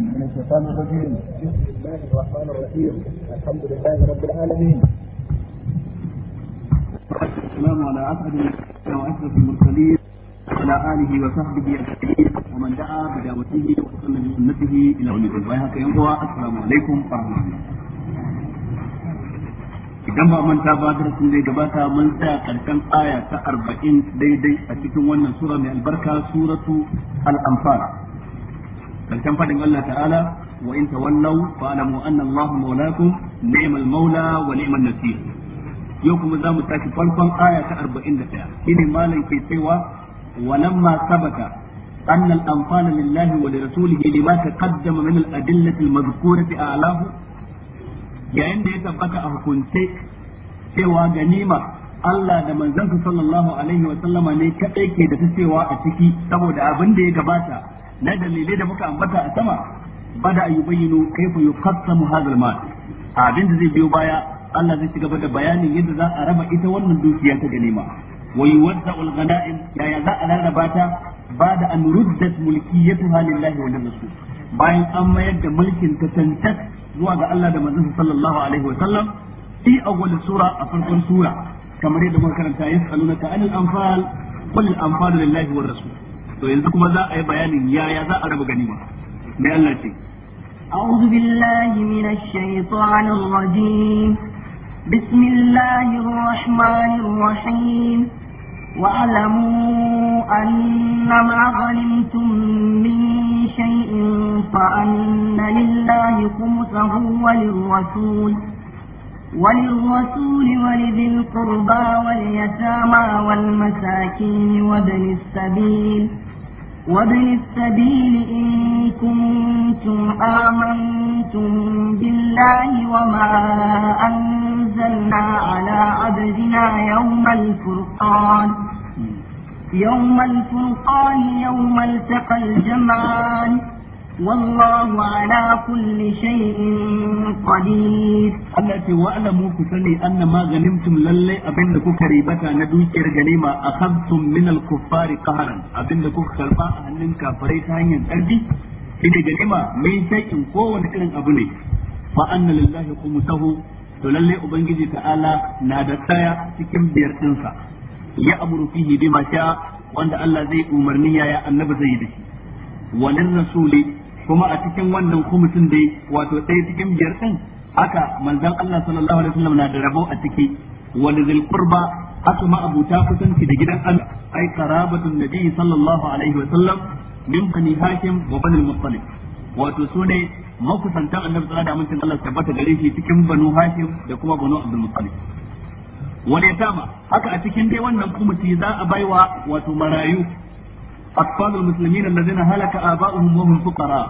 من الشيطان الرجيم بسم الله الرحمن الرحيم الحمد لله رب العالمين السلام على اسعد واشرف المرسلين وعلى اله وصحبه اجمعين ومن دعا بدعوته وسن بسنته الى يوم الدين وياك يا السلام عليكم ورحمه الله idan ba manta ba da darasin da gabata mun tsaya karshen aya ta 40 daidai a cikin wannan sura mai albarka suratu al-anfal karshen fadin Allah ta'ala wa in tawallaw fa alamu anna Allahu mawlakum ni'mal maula wa ni'man nasir yau kuma za mu tashi farkon aya ta 41 shine malam ke cewa walamma sabata أن الأنفال لله ولرسوله لما تقدم adillati الأدلة المذكورة أعلاه yayin da ya tabbata a hukunce cewa ganima Allah da manzansa sallallahu alaihi wa sallama ne kadai ke da ta cewa a ciki saboda abin da ya gabata na dalilai da muka ambata a sama bada yubayyinu kayfa yuqassamu hadha al-mal abin da zai biyo baya Allah zai cigaba da bayanin yadda za a raba ita wannan dukiya ta ganima wa yuwadda'u al yaya za a rarraba ta bada an ruddat mulkiyatuha lillahi wa rasul bayan an mayar da mulkin ta tantas zuwa ga Allah da manzon sallallahu alaihi wa sallam fi awwal sura a farkon sura kamar yadda muka karanta yasalunaka anil anfal qul al-anfalu lillahi wa rasul to yanzu kuma za a yi bayanin yaya za a raba ganima mai Allah ce أعوذ بالله من الشيطان الرجيم بسم الله الرحمن الرحيم واعلموا أنما غنمتم من شيء فأن لله خمسه وللرسول وللرسول ولذي القربى واليتامى والمساكين وابن السبيل وابن السبيل إن كنتم آمنتم بالله وما أنزلنا على عبدنا يوم الفرقان يوم الفرقان يوم التقى الجمعان والله على كل شيء قدير التي واعلموا كسني ان ما غنمتم للي ابن كوكا ريبتا ندوكير غنيمة اخذتم من الكفار قهرا ابن كوكا كربا هنن كافري تاني قلبي إذا غنيمة من شيء كون كلن ابني فان لله قمته to lalle ubangiji ta'ala na da tsaya cikin biyar dinsa ya amuru fihi bima sha wanda Allah zai umarni yaya annabi zai yi da shi walin rasuli kuma a cikin wannan khumsin dai wato ɗaya cikin biyar ɗin haka manzon Allah sallallahu alaihi wasallam na da rabo a ciki Wani zil qurba haka ma abuta kusanci da gidan Allah ai qarabatun nabi sallallahu alaihi wasallam min bani hakim wa bani muttalib wato sune makusantan annabi sallallahu alaihi wasallam Allah tabbata gare shi cikin banu hakim da kuma banu abdul muttalib wani ya tama haka a cikin dai wannan kumiti za a baiwa wato marayu أطفال المسلمين الذين هلك آباؤهم وهم فقراء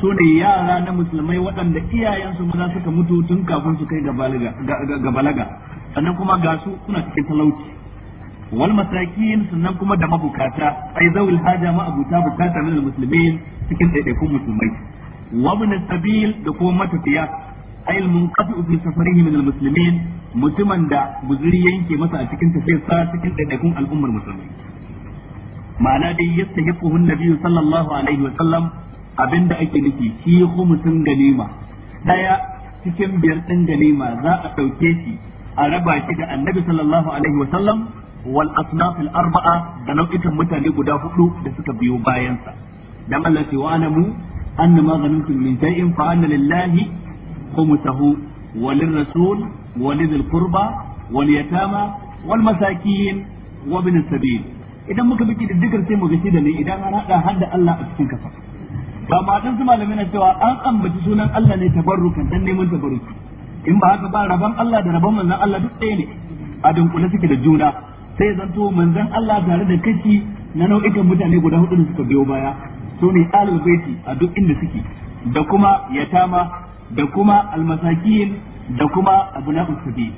su ne yara na musulmai waɗanda iyayensu maza suka mutu tun kafin su kai ga balaga sannan kuma ga su suna cikin talauci wal masakin sannan kuma da mabukata ai zawil haja ma abuta bukata min muslimin cikin daidaikun musulmai wa min sabil da kuma matafiya ai al munqati fi safarihi min al muslimin mutumin da guzuri yanke masa a cikin sa cikin daidaikun al'ummar musulmai ma'ana dai yastahiquhu an-nabi sallallahu alaihi wa sallam Abin da ake nufi shi humusin ganima daya cikin biyar din ganima za a ɗauke shi a raba shi da annabi sallallahu alaihi wa sallam wal asnaf al arba'a da nau'ikan mutane guda hudu da suka biyo bayansa dan Allah ce wa anamu anna ma ghanimtum min shay'in fa anna lillahi khumsahu wa lirrasul wa lidhil qurba wal yatama wal masakin wa bin sabil idan muka biki da dukkan sai mu gashi da ne idan an hada har da Allah a cikin kafa ma san su malamai na cewa an ambaci sunan Allah ne tabarrukan dan neman tabarruki in ba haka ba rabon Allah da rabon manzon Allah duk ɗaya ne a dunkule suke da juna sai zanto manzon Allah tare da kashi na nau'ikan mutane guda hudu da suka biyo baya su ne alul baiti a duk inda suke da kuma yatama da kuma almasakin da kuma abna'us sabil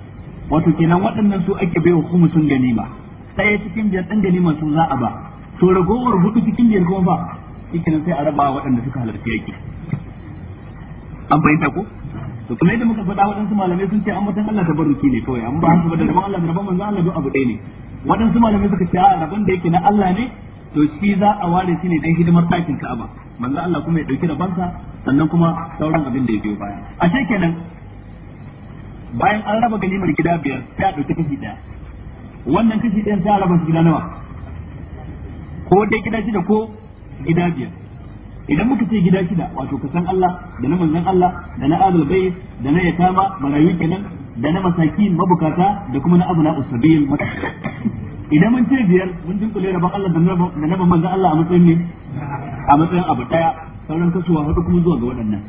wato kenan waɗannan su ake baiwa sun ganima sai cikin biyar ɗan ganima sun za a ba to ragowar hudu cikin biyar kuma ba cikin sai a raba waɗanda suka halarci yaki an fahimta ko to kuma yadda muka faɗa waɗansu malamai sun ce an matan Allah ta tabarruki ne kawai an ba su da rabon Allah da rabon manzo Allah duk abu ɗaya ne waɗansu malamai suka ce a rabon da yake na Allah ne to shi za a ware shi ne dan hidimar ɗakin Ka'aba manzo Allah kuma ya dauki rabansa sannan kuma sauran abin da yake baya a ce kenan bayan an raba ganimar gida biyar sai a dauki kashi ɗaya wannan kashi ɗayan sai a raba su gida nawa ko dai gida da ko gida biyar idan muka ce gida shida wato ka san Allah da na manzon Allah da na adal bai da na yatama marayu kenan da na masakin mabukata da kuma na abuna usabil idan mun ce biyar mun dinkule rabon Allah da na manzon Allah a matsayin ne a matsayin abu daya sauran kasuwa hudu kuma zuwa ga waɗannan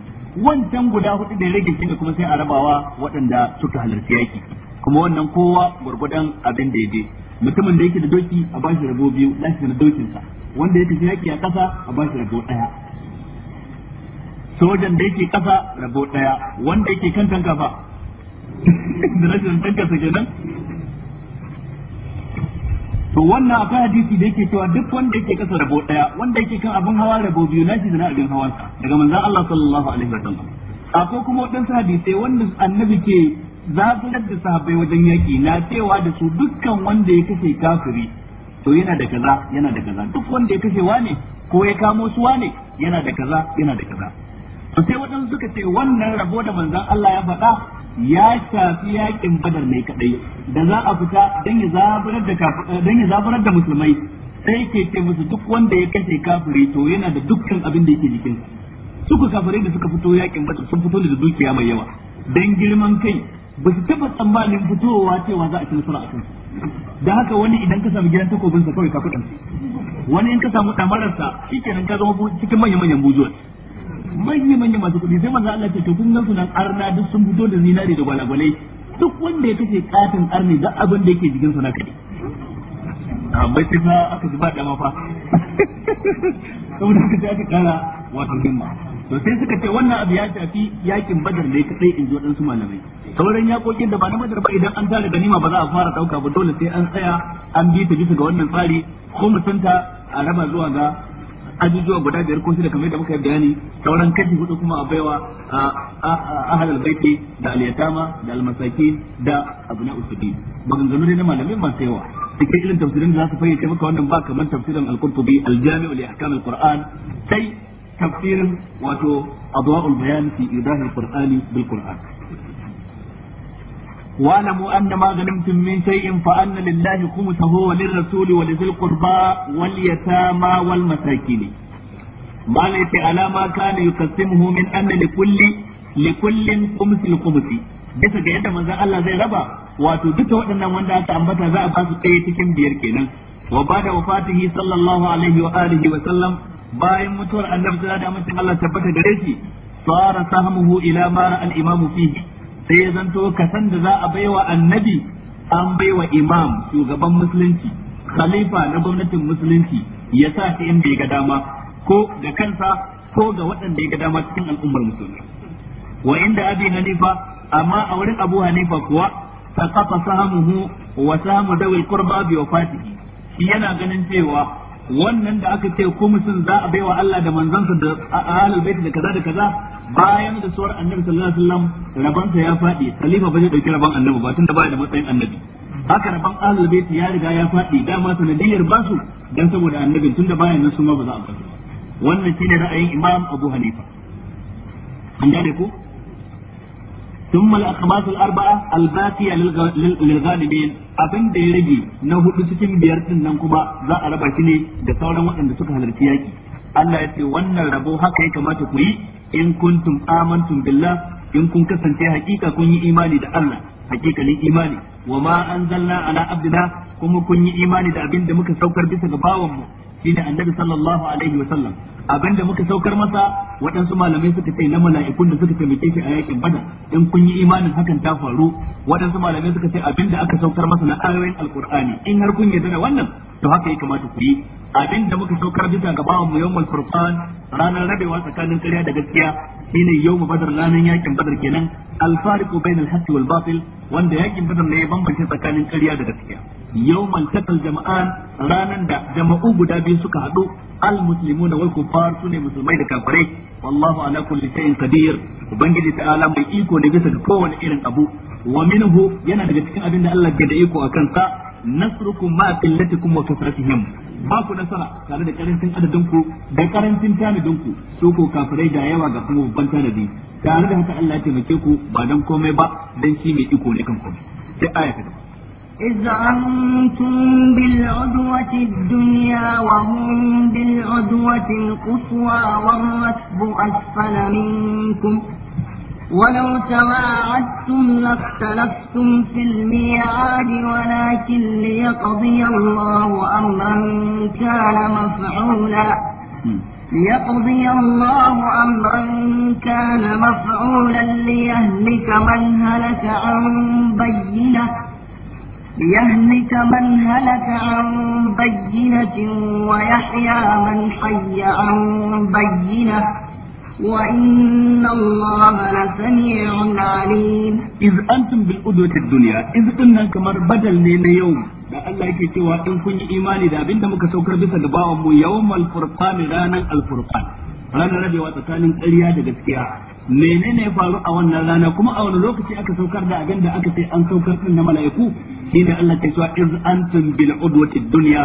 wancan guda hudu da rage kinga kuma sai a rabawa waɗanda suka halarci yaki kuma wannan kowa gurgudan abin da mutumin da yake da doki a bashi rabo biyu lashi da sa wanda yake tafi yaki a kasa a bashi rabo daya sojan da yake kasa rabo daya wanda yake kan tanka ba da rashin tanka sa kenan to wannan akwai hadisi da yake cewa duk wanda yake kasa rabo daya wanda yake kan abin hawa rabo biyu shi da na abin sa. daga manzon Allah sallallahu alaihi wasallam akwai kuma waɗansu hadisai wanda annabi ke zaburar da sahabbai wajen yaki na cewa da su dukkan wanda ya kashe kafiri to yana da kaza yana da kaza duk wanda ya kashe wane ko ya kamo su wane yana da kaza yana da kaza to sai waɗansu suka ce wannan rabo da manzon Allah ya faɗa ya shafi yakin badar ne kadai da za a fita dan ya zaburar da eh, dan ya zaburar da musulmai sai ke ce musu duk wanda ya kashe kafiri to yana da dukkan abin da yake su suka kafirai da suka fito yakin badar sun fito da dukiya mai yawa dan girman kai ba su taɓa tsammanin fitowa cewa za a ci nasara a kansu da haka wani idan ka samu gidan takobinsa kawai ka kudin wani in ka samu ɗamararsa shi kenan ka zama cikin manya-manyan bujuwar manya-manyan masu kuɗi sai manzo Allah ce to kun gansu nan arna duk sun fito da zinare da gwalagwalai duk wanda ya kace katin arni za abin da yake jikin sa na kaɗi amma sai fa aka zuba dama fa saboda haka aka kara wato himma to sai suka ce wannan abu ya shafi yakin badar ne kadai in ji waɗansu malamai sauran yakokin da ba na madar ba idan an tare ganima ba za a fara dauka ba dole sai an tsaya an bi ta bisa ga wannan tsari ko musanta a raba zuwa ga ajujuwa guda biyar ko shida kamar da muka bayani sauran kashi hudu kuma a baiwa ahal albaiti da aliyatama da almasaki da abuna usubi maganganu ne na malamai masu yawa cikin irin tafsirin da za su fayyace maka wannan ba kamar tafsirin al-qurtubi li ahkam al sai tafsirin wato adwa'ul bayan fi idahi al bil qur'an واعلموا أن ما غنمتم من شيء فأن لله خمسه وللرسول ولذي القربى واليتامى والمساكين ما ليس على ما كان يقسمه من أن لكل لكل خمس الخمس bisa ga yadda manzon Allah zai raba wato duka waɗannan wanda aka ambata za a ba su ɗaya cikin biyar kenan wa bada wafatihi sallallahu alaihi wa alihi wa sallam bayan mutuwar annabi da amincin Allah tabbata gare shi sara sahmuhu ila mara al imamu fihi sai ya zanto san da za a baiwa annabi an baiwa imam shugaban musulunci khalifa na gwamnatin musulunci ya sa shi in bai ga dama ko ga kansa ko ga waɗanda ya ga dama cikin al'ummar musulmi wa inda abi hanifa amma a wurin abu hanifa kuwa saqata mu wa sahamu dawil qurba bi wafatihi shi yana ganin cewa wannan da aka ce ko mutum za a baiwa Allah da manzansa da ahlul bait da kaza da kaza bayan da suwar annabi sallallahu alaihi wasallam rabanta ya faɗi khalifa ba zai dauki rabon annabi ba tunda baya da matsayin annabi haka rabon ahlul bait ya riga ya faɗi dama ba su dan saboda annabin tunda baya nan su ma ba za a faɗi wannan shine ra'ayin imam abu hanifa an gane ko ثم الاخماس الاربعه الباقيه للغالبين abin da ya rage na hudu cikin biyar din nan kuma za a raba shi ne da sauran waɗanda suka halarci yaki Allah ya ce wannan rabo haka ya kamata ku yi in kuntum amantum billah in kun kasance hakika kun yi imani da Allah hakikalin imani wa ma anzalna ala abdina kuma kun yi imani da abin da muka saukar bisa ga bawan mu shine annabi sallallahu alaihi wa sallam abin da muka saukar masa waɗansu malamai suka ce na mala'ikun da suka taimake shi a yakin bada, in kun yi imanin hakan ta faru waɗansu malamai suka ce abin da aka saukar masa na ayoyin alqur'ani in har kun yarda da wannan to haka ya kamata ku yi abin da muka saukar bisa ga mu yawmul furqan ranar rabewa tsakanin ƙarya da gaskiya shine yawmu badar ranar yakin badar kenan al fariqu bainal haqqi wal batil wanda yakin badar ne ya bambance tsakanin ƙarya da gaskiya yawmal taqal jama'an ranar da jama'u guda biyu suka haɗu al muslimuna wal kuffar sune musulmai da kafirai wallahu ala kulli shay'in qadir ubangiji ta'ala mai iko ne bisa ga kowane irin abu wa minhu yana daga cikin abin da Allah ke da iko akan sa nasrukum ma qillatikum wa kasratihim ba ku nasara tare da karancin adadin ku da karancin tanadin ku su ko kafirai da yawa ga kuma babban tanadi tare da haka Allah ya taimake ku ba dan komai ba dan shi mai iko ne kan komai sai aya ta gaba إذ أنتم بالعدوة الدنيا وهم بالعدوة القصوى والركب أسفل منكم ولو تواعدتم لاختلفتم في الميعاد ولكن ليقضي الله أمرا كان مفعولا ليقضي الله أمرا كان مفعولا ليهلك من هلك عن بينة ليهلك من هلك عن بينة ويحيى من حي عن بينة وإن الله لسميع عليم إذ أنتم بالأدوة الدنيا إذ قلنا كمر بدل لنا يوم da Allah yake cewa in kun yi imani da abinda muka saukar bisa ga bawan mu yawmal furqan ranan al furqan ranar rabewa tsakanin ƙarya da gaskiya menene ya faru a wannan rana kuma a wani lokaci aka saukar da abinda aka ce an saukar din na mala'iku shine Allah ke cewa iz antum bil udwati dunya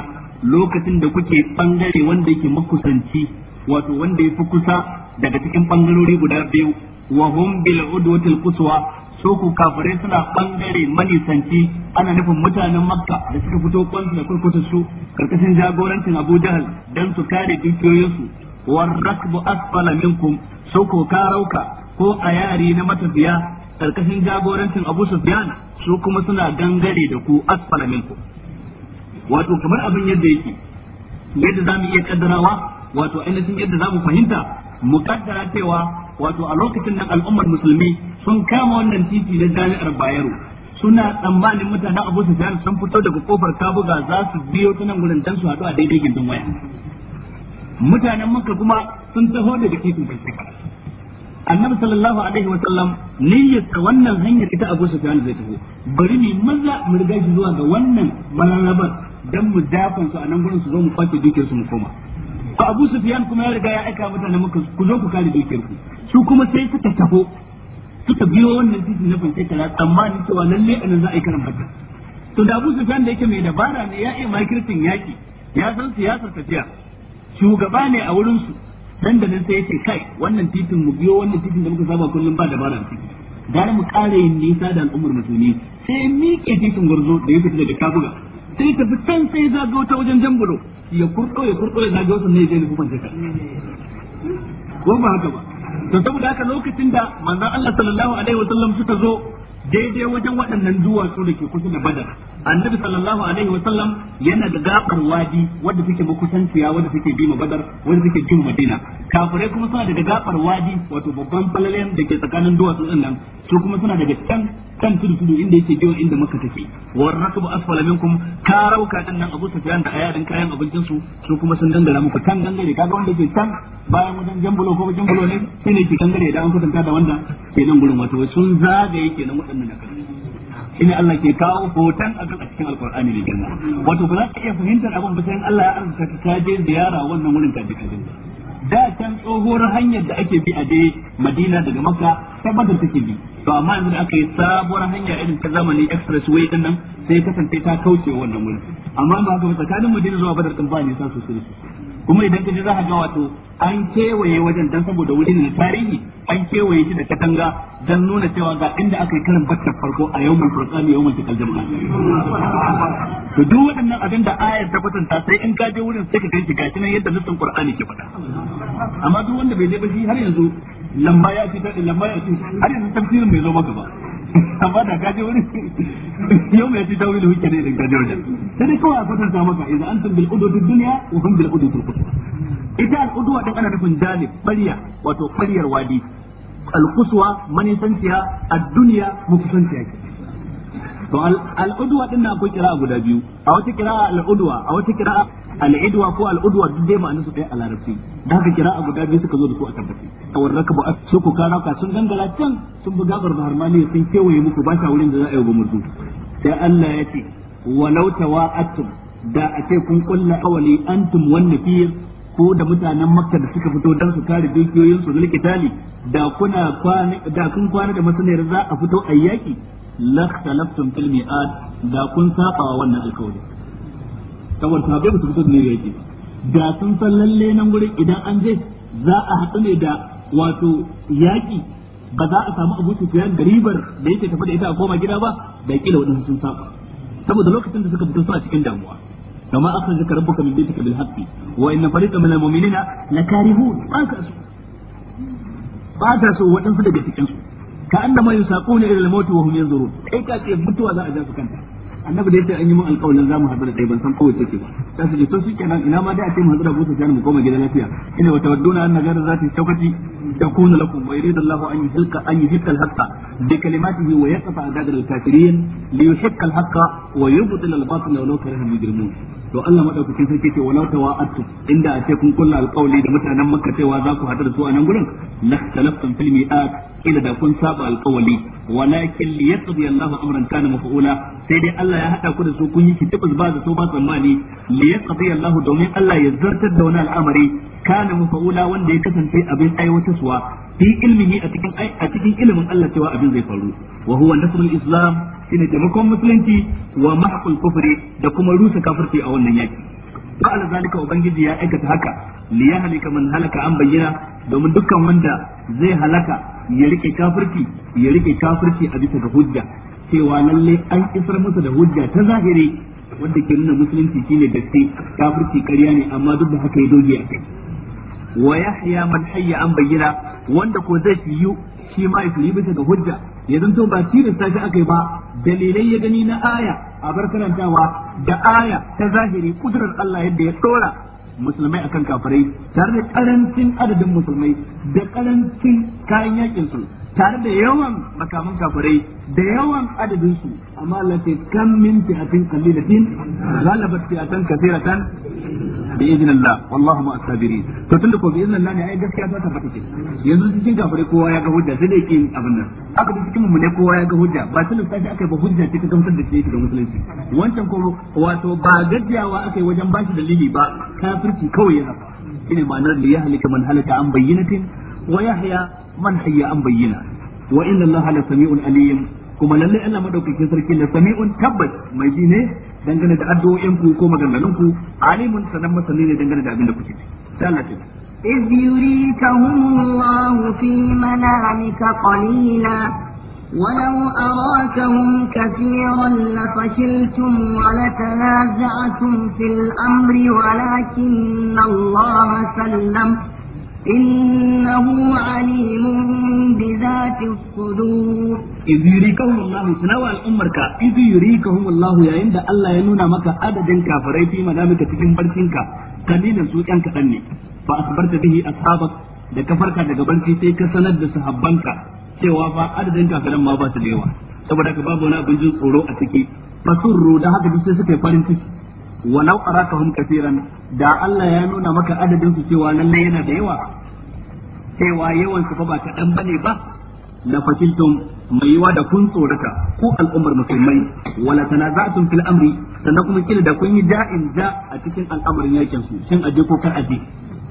lokacin da kuke bangare wanda yake makusanci wato wanda ya fi kusa daga cikin bangarori guda biyu wa hum bil udwatil quswa so ku kafare suna bangare manisanci ana nufin mutanen makka da suka fito kwansu da kurkutar su karkashin jagorancin abu jahal dan su kare dukiyoyinsu war rakbu asfala minkum so ku karauka ko a yari na matafiya karkashin jagorancin abu sufyan su kuma suna gangare da ku asfala minkum wato kamar abin yadda yake yadda za mu iya kaddarawa wato ainihin yadda za mu fahimta mukaddara cewa wato a lokacin nan al'ummar musulmi sun kama wannan titi na jami'ar Bayero suna tsammanin mutanen Abu sun fito daga kofar Kabuga za su biyo ta nan gurin dan su haɗu a daidai gindin waya mutanen muka kuma sun taho daga titin kai Annabi sallallahu alaihi wa sallam niyyarsa wannan hanyar ita Abu Sufyan zai taho bari ne maza mu riga zuwa ga wannan malalabar dan mu dafan su a nan gurin su zo mu kwace dukiyar su mu koma to Abu fiyan kuma ya riga ya aika mutane muka ku zo ku kare dukiyar ku su kuma sai suka taho suka biyo wannan titi na fanke kala ni cewa lalle anan za a yi karan fata to da Abu fiyan da yake mai dabara ne ya yi makircin yaki ya san siyasar tafiya shugaba ne a wurin su dan da nan sai yace kai wannan titin mu biyo wannan titin da muka saba kullum ba dabara ne gara mu kare yin nisa da al'ummar musulmi sai mike titin gurzo da yake fita da kabuga sai tafi can sai za ga wata wajen bulo ya kurɗo ya kurɗo ya zage wasu ne ya je kuma sai ko ba haka ba to saboda haka lokacin da manzon Allah sallallahu alaihi sallam suka zo daidai wajen waɗannan duwatsu da ke kusa da badar annabi sallallahu alaihi wa sallam yana da gaɓar wadi wadda suke makusanciya wadda suke bi ma badar wadda suke jin madina kafirai kuma suna daga gaɓar wadi wato babban falalen da ke tsakanin duwatsu ɗin nan su kuma suna daga can kan tudu tudu inda yake biyo inda maka take war rakbu asfala minkum ka rauka din nan Abu Sufyan da aya din kayan abincin su su kuma sun dangara muku kan dangare ka ga wanda ke kan bayan wajen jambulo ko wajen bulo ne shine ke dangare da an kusanta da wanda ke nan gurin wato sun zaga zagaye kenan waɗannan da kan shine Allah ke kawo hoton abin a cikin alkur'ani ne girma wato ba za ka iya fahimtar abin ba sai Allah ya arzuta ka je ziyara wannan wurin ka je ka da can tsohuwar hanyar da ake bi a dai madina daga maka tabbatar take bi to amma yanzu da aka yi sabuwar hanya irin ta zamani way din nan sai kasance ta kauce wannan wurin amma ba haka tsakanin madina zuwa badar din ba nisa sosai kuma idan ka za za ga wato an kewaye wajen dan saboda wurin ne tarihi an kewaye shi da katanga dan nuna cewa ga inda aka yi karin bakka farko a yawmul yau yawmul tikal jama'a to duk wannan abin da ayar ta kwatanta sai in ka je wurin sai ka ganki gashi nan yadda nufin qur'ani ke faɗa amma duk wanda bai je ba shi har yanzu lamba ya ci ta lamba ya ci har yanzu tafsirin bai zo maka ba amma da kaje wuri yau mai ci tawili hukke ne idan kaje wajen sai dai kawai a kwatanta maka idan antum bil udud dunya wa hum bil udud al-qusra ita al-udwa din ana nufin jalib bariya wato bariyar wadi al-quswa manisanciya ad-dunya mukusanciya to al-udwa din na akwai kira guda biyu a wata kira al-udwa a wata kira al'idwa ko al'udwa duk dai ma'anarsu ɗaya a larabci da haka kira a guda biyu suka zo da su a tabbaci kawar rakabu a su ku kara ka sun gangara can sun bi gabar baharmani sun kewaye muku ba ta wurin da za a yi gumurzu sai Allah ya ce walau tawa'atum da a ce kun kulla awali antum wan nafiyir ko da mutanen makka da suka fito don su kare dukiyoyin su zulki tali da kuna kwana da kun kwana da masaniyar za a fito ayyaki yaki. fil mi'ad da kun saba wannan alƙawari saboda sahabbai ba su fito da yake da sun san lalle nan gurin idan an je za a haɗu ne da wato yaƙi ba za a samu abokin sufyan da ribar da yake tafi da ita a koma gida ba da kila wadansu sun saba saboda lokacin da suka fito suna cikin damuwa kama akhrajaka kamin min baytika bil haqqi wa inna fariqan minal mu'minina lakarihun ba ka so ba ta so wadansu daga cikin su ka annama yusaquna ila al-maut wa hum yanzurun kai ka ce mutuwa za a ja su kanta annabi da yace an yi mun alƙawarin za mu haɗu da kai ban san kowace ce ba sai su ji to shikenan ina ma dai a ce mu haɗu da Abu Sufyan mu koma gidan lafiya ina wa tawadduna anna ghayra zati shawkati takunu lakum wa yuridu Allahu an yuhilka an yuhilka al-haqqa bi kalimatihi wa yaqfa adad al-kafirin li yuhilka al-haqqa wa yubtil al-batila wa law kariha al-mujrimun to Allah madaukakin sarki ce walau tawa'attu inda a ce kun kulla alƙawli da mutanen Makka cewa za ku hadu da su a nan gurin la talaftum fil mi'at ila da kun saba alƙawli walakin li yaqdi Allah amran kana maf'ula sai dai Allah ya hada ku da su kun yi kitibus ba da so ba tsammani li yaqdi Allah domin Allah ya zartar da wani al'amari kana mafaula wanda ya kasance abin aiwatarwa fi ilmihi a cikin a cikin ilimin Allah cewa abin zai faru wa huwa nasrul islam shine taimakon musulunci wa mahqul kufri da kuma rusa kafirci a wannan yaki fa'ala zalika ubangiji ya aikata haka li yahlika man halaka an bayyana domin dukkan wanda zai halaka ya rike kafirci ya rike kafirci a bisa ga hujja cewa lallai an isar masa da hujja ta zahiri wanda ke nuna musulunci shine gaske kafirci ƙarya ne amma duk da haka ya doge a kai wa yahya man hayya an bayyana wanda ko zai yi shi ma ya yi bisa ga hujja ya zanto ba tilasta shi aka yi ba dalilai ya gani na aya a bar karantawa da aya ta zahiri kudurar Allah yadda ya tsora musulmai akan kafirai tare da karancin adadin musulmai da karancin kayan yakin su tare da yawan makaman kafirai da yawan adadin su amma Allah ce kam min fi'atin qalilatin ghalabat fi'atan kathiratan bi idnillah wallahu ma asabiri to tunda ko bi idnillah ne ai gaskiya ta tabbata ce yanzu cikin kafirai kowa ya ga hujja sai dai kin abin nan aka bi cikin mu ne kowa ya ga hujja ba tunda sai aka ba hujja ce ta gamsar da shi ga musulunci wancan ko wato ba gaddiyawa aka yi wajen bashi dalili ba kafirci kawai ya zafa shine ma'anar da ya halika man halaka an bayyinatin wa yahya man hayya an bayyana wa inna allaha la sami'un alim kuma lalle Allah madaukakin sarki la sami'un tabbas mai ji ne dangane da addu'o'in ku ko maganganun ku alimun sanan masani ne dangane da abin da kuke ci sai Allah ce إذ يريكهم الله في منامك قليلا ولو أراكهم كثيرا لفشلتم ولتنازعتم في الأمر ولكن الله سلم إنه عليم بذات الصدور إذ يريكهم الله سنوى الأمر كا إذ يريكهم الله يا عند الله ينونا مكا عدد كافرين في مدامك تكن برسنك قليلا سوء أنك فأخبرت به أصحابك da kafarka daga banki sai ka sanar da sahabbanka cewa ba adadin kafiran ma ba su da yawa saboda ka babu wani abin jin tsoro a ciki fasurru da haka duk sai suka yi farin ciki walau arakahum kaseeran da Allah ya nuna maka adadin su cewa lalle yana da yawa cewa yawan su fa ba dan bane ba la fatiltum mai yiwa da kun ko al'ummar musulmai wala tanaza'tum fil amri sannan kuma kila da kun yi da'in da a cikin al'amarin yakin su shin aje ko kar aje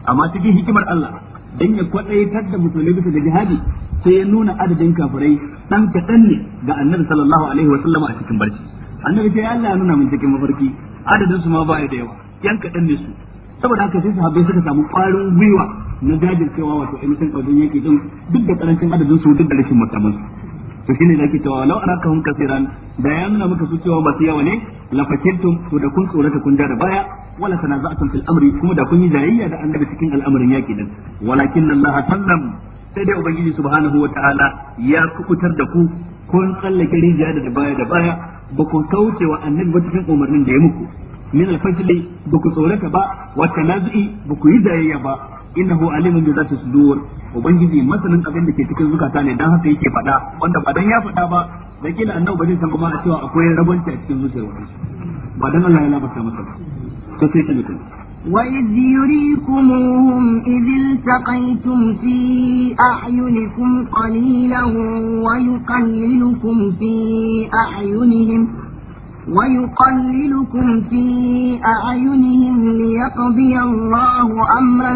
amma cikin hikimar Allah dan ya kwadaitar da musulmai bisa da jihadi sai ya nuna adadin kafirai dan kaɗan ne ga annabi sallallahu alaihi wa sallama a cikin barci annabi sai Allah ya nuna mun cikin mafarki adadin su ma ba da yawa yan kaɗan ne su saboda haka sai habbe suka samu ƙwarin gwiwa na cewa wato ainihin ƙwarin yake din duk da ƙarancin adadin su duk da rashin makamansu to shine da ake cewa law arakahum kaseeran da ya nuna maka su cewa masu yawa ne la to da kun tsorata kun ja da baya wala za a fil amri kuma da kun yi jayayya da an annabi cikin al'amarin yaki din walakin Allah sallam sai dai ubangiji subhanahu wa ta'ala ya kukutar da ku kun tsallake rijiya da baya da baya ba ku kauce wa annabi ba cikin umarnin da ya muku min al ba ku tsorata ba wa tanazi ba ku yi zayayya ba innahu alimun bi zati sudur ubangiji masanin abin da ke cikin zukata ne dan haka yake faɗa wanda ba dan ya faɗa ba da kila annabi ba zai san kuma a cewa akwai rabanci a cikin zuciyar wani ba dan Allah ya labarta masa ba sai ta mutum وإذ يريكموهم إذ التقيتم في أعينكم قليلا ويقللكم في أعينهم ويقللكم في أعينهم ليقضي الله أمرا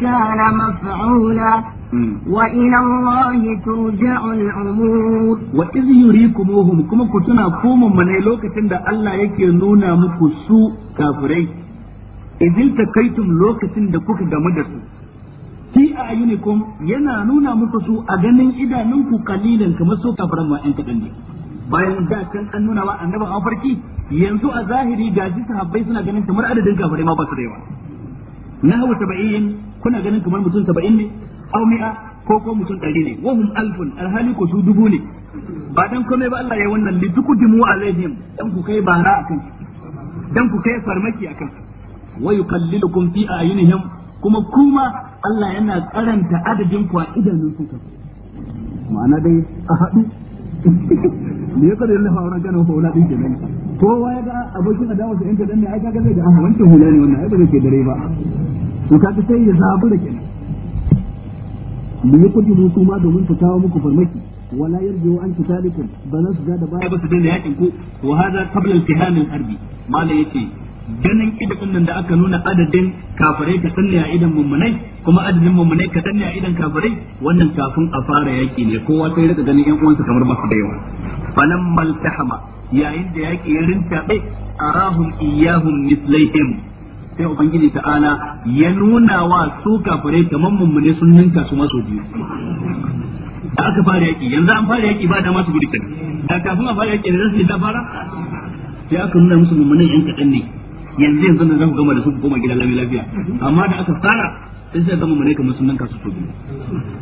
كان مفعولا وإلى الله ترجع الأمور وإذ يريكموهم كما كنتنا قوم من لوكتن الله يكي نونا مكسو كافرين ta takaitum lokacin da kuka gamu da su fi a ayunikum yana nuna muku su a ganin idanunku kalilan kamar so kafaran ma ɗan kaɗan ne bayan da kan an nuna wa annaban mafarki yanzu a zahiri ga ji sahabbai suna ganin kamar adadin kafirai ma ba su da yawa na hawa saba'in kuna ganin kamar mutum saba'in ne aw mi'a ko ko mutum ɗari ne wahum alfun alhali ko su dubu ne ba dan komai ba Allah ya wannan li tukudimu alaihim dan ku kai bara akan dan ku kai farmaki akan su da yuqallilukum a a'yunihim kuma kuma Allah yana karanta adadin ku a idanun su ma'ana dai a haɗu me ya kada lafa wurin ganin hula din ke nan kowa ya ga abokin adawa su inda dan ne a kaga zai da wancan hula ne wannan ai ba ke dare ba to kaga sai ya zabu da kenan li yakdiru su ma domin su kawo muku farmaki wala yarjiu an kitalikum balan su ga da baya ba su daina yakin ku wa hada qabla al-kihan yace ganin idadin nan da aka nuna adadin kafirai ka sanne a idan mummunai kuma adadin mummunai ka sanne a idan kafirai wannan kafin a fara yaki ne kowa sai rika ganin yan uwansa kamar ba su da yawa falan maltahama yayin da yaki ya rinta bai arahum iyahum mislaihim sai ubangiji ta'ala ya nuna wa su kafirai kamar mummune sun ninka su masu biyu da aka fara yaki yanzu an fara yaki ba da masu gudu da kafin a fara yaki da zai yi ta fara sai aka nuna musu mummunan yan kaɗan ne yanzu yanzu da zaku gama da su ku koma gidan lami lafiya amma da aka fara sai sai gama mune kamar sunan kasu tobi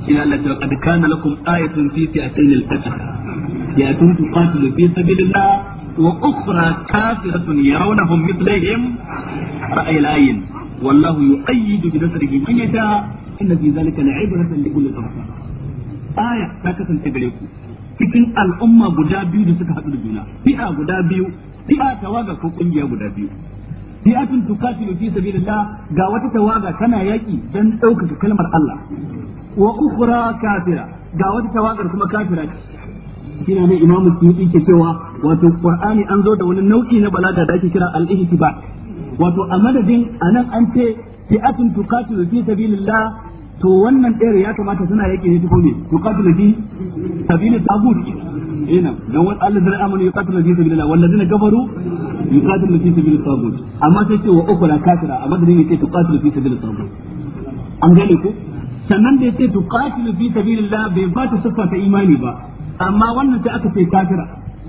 ila Allah ta qad kana lakum ayatun fi fi'atayn al-qatl ya tun tuqatilu fi sabilillah wa ukhra kafiratun yarawnahum mithlihim ra'ay al-ayn wallahu yu'ayyidu bi nasrihi man yasha inna fi dhalika la'ibratan li kulli absar aya ta kasance gare ku cikin al'umma guda biyu da suka haɗu da juna fi'a guda biyu fi'a tawaga ko kungiya guda biyu fi'atun tukatilu fi sabilillah ga wata tawaga kana yaki dan ɗaukaka kalmar Allah wa ukhra kafira ga wata tawagar kuma kafira shine ne Imam Suyuti ke cewa wato Qur'ani an zo da wani nau'i na balaga da ake kira al-ihtiba wato a madadin anan an ce fi'atun tukatilu fi sabilillah to wannan ɗaya ya kamata suna yake ne ko ne yuqatilu fi sabili tagut ina eh, dan wa alladhina amanu yuqatilu fi sabilillah walladhina kafaru yuqatilu fi sabili tagut amma sai ce wa uku ukra kafira amma da ne yake tuqatilu fi sabili tagut an gane ko sannan da yake tuqatilu fi sabilillah bai ba ta siffa ta imani ba amma wannan sai aka ce kafira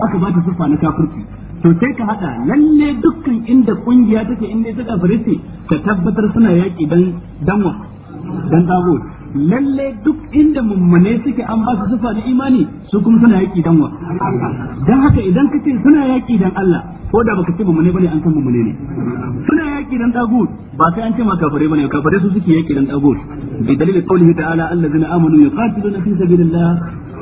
aka ba ta siffa na kafirci to sai ka hada lalle dukkan inda kungiya take inda ta kafirce ka tabbatar suna yaki dan danwa dan tagut lalle duk inda mummune suke an ba su sufa da imani su kuma suna yaki dan wa dan haka idan kace suna yaki dan Allah ko da baka ce mummune bane an san mummune ne suna yaki dan tagut ba sai an ce ma kafare bane kafare su suke yaki dan tagut bi dalilin qawlihi ta'ala allazina amanu yuqatiluna fi sabilillah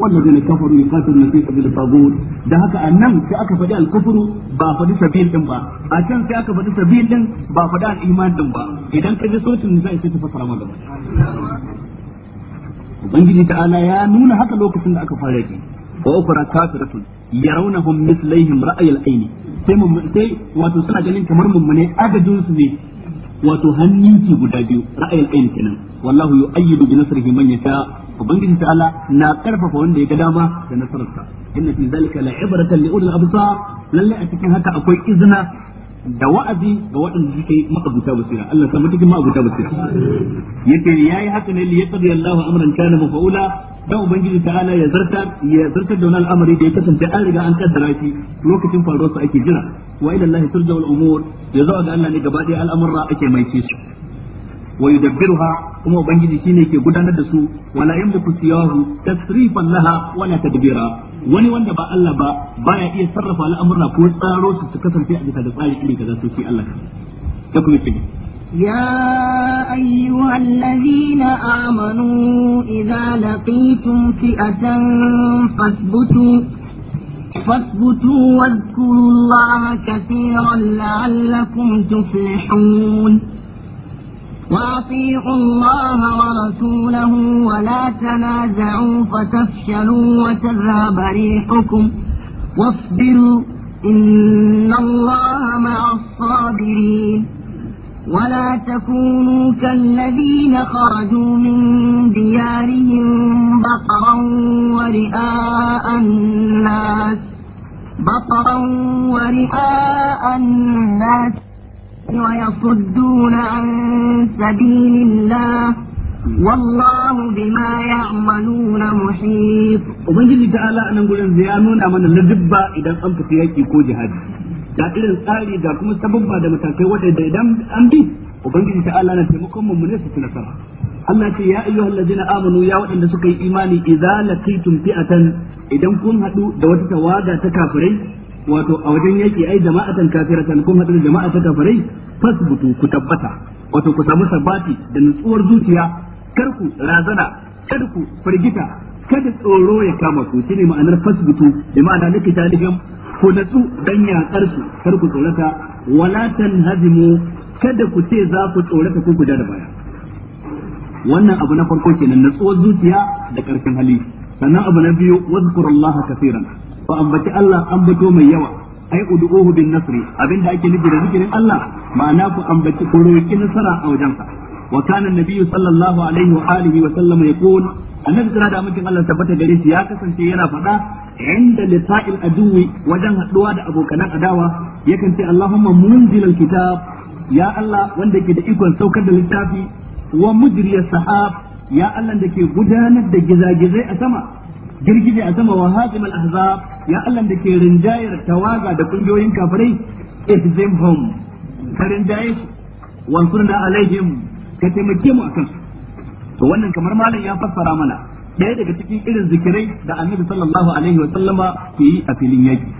والذين كفروا يقاتلون في سبيل الطاغوت da haka a nan sai aka faɗi al-kufru ba faɗi sabil din ba a can sai aka fadi sabil din ba faɗi al-iman din ba idan ka ji sautin zai sai ta fasara maka ubangiji ta'ala ya nuna haka lokacin da aka fara ki wa ukra kafiratun yarawnahum mislaihim ra'ayil aini sai mun sai wato suna ganin kamar mummune agajin su ne wato hannunki guda biyu ra'ayil aini kenan wallahu yu'ayyidu bi nasrihi man ta. ubangiji ta Allah na karfafa wanda ya ga dama da nasararsa inna fi zalika la ibratan li ulil absar lalle a cikin haka akwai izina da wa'azi ga waɗanda suke ma'abuta basira Allah sa mutukin ma'abuta basira yace yayi haka ne li yaqdi Allahu amran kana mafa'ula dan ubangiji ta'ala ya zarta ya zarta da wannan al'amari da ya kasance an riga an kaddara shi lokacin faruwar sa ake jira wa ila Allah turja'ul umur ya zo ga Allah ne gaba ɗaya al'amura ake mai su wa yudabbiruha kuma ubangiji shine ke gudanar da su wala yamliku siyahu tasrifan laha wala tadbira wani wanda ba Allah ba baya iya sarrafa al'amura ko tsaro su su kasance a bisa da tsari iri kaza sai shi Allah ta kuma يا أيها الذين آمنوا إذا لقيتم فئة فاثبتوا فاثبتوا واذكروا الله كثيرا لعلكم تفلحون وأطيعوا الله ورسوله ولا تنازعوا فتفشلوا وتذهب ريحكم واصبروا إن الله مع الصابرين ولا تكونوا كالذين خرجوا من ديارهم بطرا ورئاء الناس بطرا ورئاء الناس ويصدون عن سبيل الله والله بما يعملون محيط ubangiji ta'ala anan gurin ya nuna mana ladabba idan an fita yaki ko jihadi da irin tsari da kuma sababba da matakai da idan an bi ubangiji ta'ala na taimakon mu ne su nasara Allah ce ya ayyuhal ladina amanu ya waɗanda suka yi imani idza laqitum fi'atan idan kun hadu da wata tawaga ta kafirai wato a wajen yaki ai jama'atan kafiratan kun hadu da jama'a ta kafirai fasbutu ku tabbata wato ku samu sabati da nutsuwar zuciya kar ku razana kar ku firgita kada tsoro ya kama ku shine ma'anar fasbutu bi ma'ana nake talibin ku natsu dan yakar su kar ku tsorata wala tanhazimu kada ku ce za ku tsorata ku guda da baya wannan abu na farko kenan nutsuwar zuciya da karfin hali sannan abu na biyu wazkurullaha kaseeran ku ambaci Allah ambato mai yawa ai ud'uhu bin nasri abinda ake nufi da zikirin Allah ma'ana ku ambaci ku roki nasara a wajensa wa kana nabiyyu sallallahu alaihi wa alihi wa sallam yaqul annabi tsira da mutum Allah tabbata gare shi ya kasance yana faɗa inda lisa'il aduwi wajen haɗuwa da abokanan adawa yakan ce Allahumma munzilal kitab ya Allah wanda ke da ikon saukar da littafi wa mujriyas sahab ya Allah da ke gudanar da gizagizai a sama girgije a sama wa hazim al-ahzab ya Allah da ke rinjayar tawaga da kungiyoyin kafirai ihzimhum ka rinjaye su wansurna alaihim ka taimake mu akan su to wannan kamar malam ya fassara mana daya daga cikin irin zikirai da annabi sallallahu alaihi wa sallama ke yi a filin yaki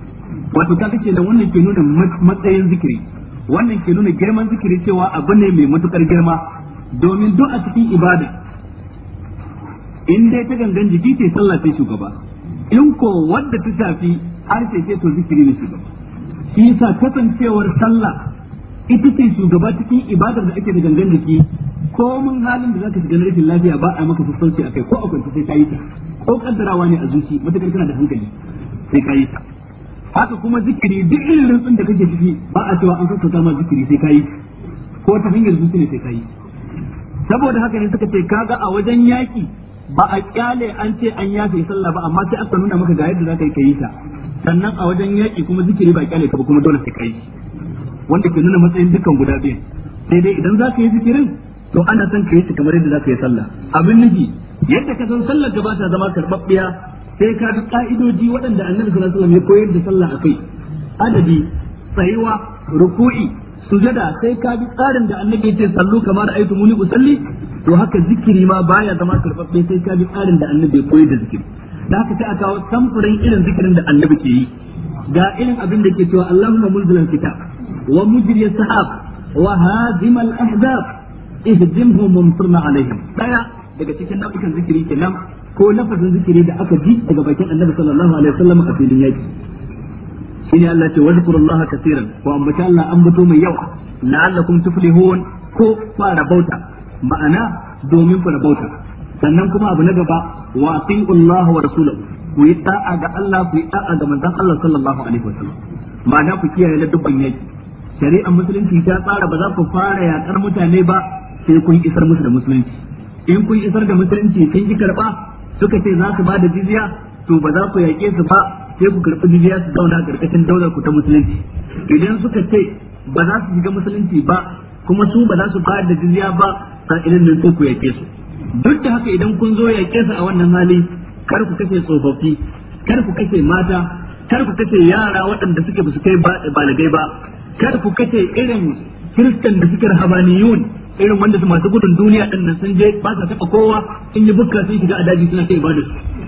wato ka kace da wannan ke nuna matsayin zikiri wannan ke nuna girman zikiri cewa abu ne mai matukar girma domin duk a cikin ibada in dai ta gangan jiki ce sallah sai shugaba in ko wadda ta shafi sai ce to zikiri ne shugaba shi yasa kasancewar sallah ita ce shugaba cikin ibadar da ake da gangan jiki ko mun halin da zaka shiga na rashin lafiya ba a maka sassauci akai ko a ta sai kayi ta ko kaddarawa ne a zuci matakar kana da hankali sai kayi ta haka kuma zikiri duk irin rantsun da kake ciki ba a cewa an sassauta ma zikiri sai kayi ko ta hanyar zuci ne sai kayi saboda haka ne suka ce kaga a wajen yaki ba a kyale an ce an yafe sallah ba amma sai aka nuna maka ga yadda za ka yi kai ta sannan a wajen yaƙi kuma zikiri ba kyale ka ba kuma dole sai ka wanda ke nuna matsayin dukkan guda biyu sai dai idan za yi zikirin to ana san ka yi shi kamar yadda za ka yi sallah abin nufi yadda ka san sallar gaba ta zama karɓaɓɓiya sai ka bi ka'idoji waɗanda annabi sallallahu alaihi wasallam ya koyar da sallah akai adabi tsayuwa ruku'i sujada sai ka bi tsarin da annabi ce sallu kamar aitu muni usalli to haka zikiri ma baya zama karbabbe sai ka bi tsarin da annabi koyi koyar da zikiri da haka sai a kawo samfurin irin zikirin da annabi ke yi ga irin abin da ke cewa Allahumma mulzilan kitab wa mujri sahab wa hazimal ahzab ihdimhum mumtirna alaihim daya daga cikin nau'ikan zikiri kenan ko lafazin zikiri da aka ji daga bakin annabi sallallahu alaihi wasallam a filin yaki shine Allah ce wazkurullaha kaseeran ko ambata Allah ambato mai yawa la'allakum tuflihun ko fara bauta ma'ana domin fara bauta sannan kuma abu na gaba wa atiullaha wa rasulahu ku yi ta'a ga Allah ku yi ta'a ga manzon Allah sallallahu alaihi wa sallam. ma'ana ku kiyaye na dubban yaki shari'ar musulunci ta tsara ba za ku fara yakar mutane ba sai kun isar musu da musulunci in kun isar da musulunci kun ki karba suka ce za su ba da jizya to ba za ku yaƙe su ba sai ku karɓi jiya su zauna a ƙarƙashin daular ku ta musulunci idan suka ce ba za su shiga musulunci ba kuma su ba za su bayar da jiya ba sa'ilin nan sai ku yaƙe su duk da haka idan kun zo yaƙe su a wannan hali kar ku kashe tsofaffi kar ku kashe mata kar ku kashe yara waɗanda suke ba su kai balagai ba kar ku kashe irin kiristan da suke rahabaniyun irin wanda su masu gudun duniya ɗin nan sun je ba sa taɓa kowa in yi bukka sun shiga a daji suna kai ibada su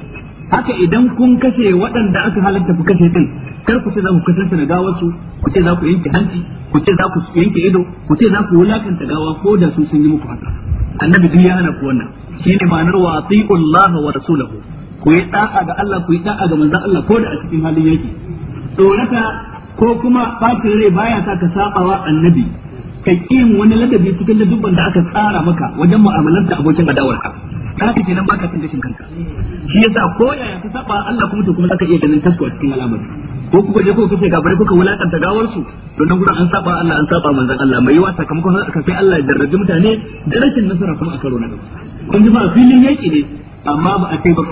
haka idan kun kashe waɗanda aka halatta ku kashe din kar ku ce za ku kasance da gawarsu ku ce za ku yanke hanci ku ce za ku yanke ido ku ce za ku wulakanta gawa ko da su sun yi muku haka annabi duk ya hana ku wannan shine ma'anar wa atiqu Allah wa rasulahu ku yi da'a ga Allah ku yi da'a ga manzon Allah ko da a cikin halin yake tsoraka ko kuma fatin rai baya sa ka sabawa annabi ka kin wani ladabi cikin ladubban da aka tsara maka wajen mu'amalanta abokin adawarka ka haka kenan baka cin gashin kanka shi yasa ko yaya ka saba Allah kuma to kuma zaka iya ganin tasko a cikin al'amari ko kuka je ko kuke gabare kuka wulakanta gawar su don nan gudan an saba Allah an saba manzon Allah mai yawa sakamakon ka sai Allah ya darraji mutane da rashin nasara kuma a karo na gaba kun ji ba filin yaki ne amma ba a ce ba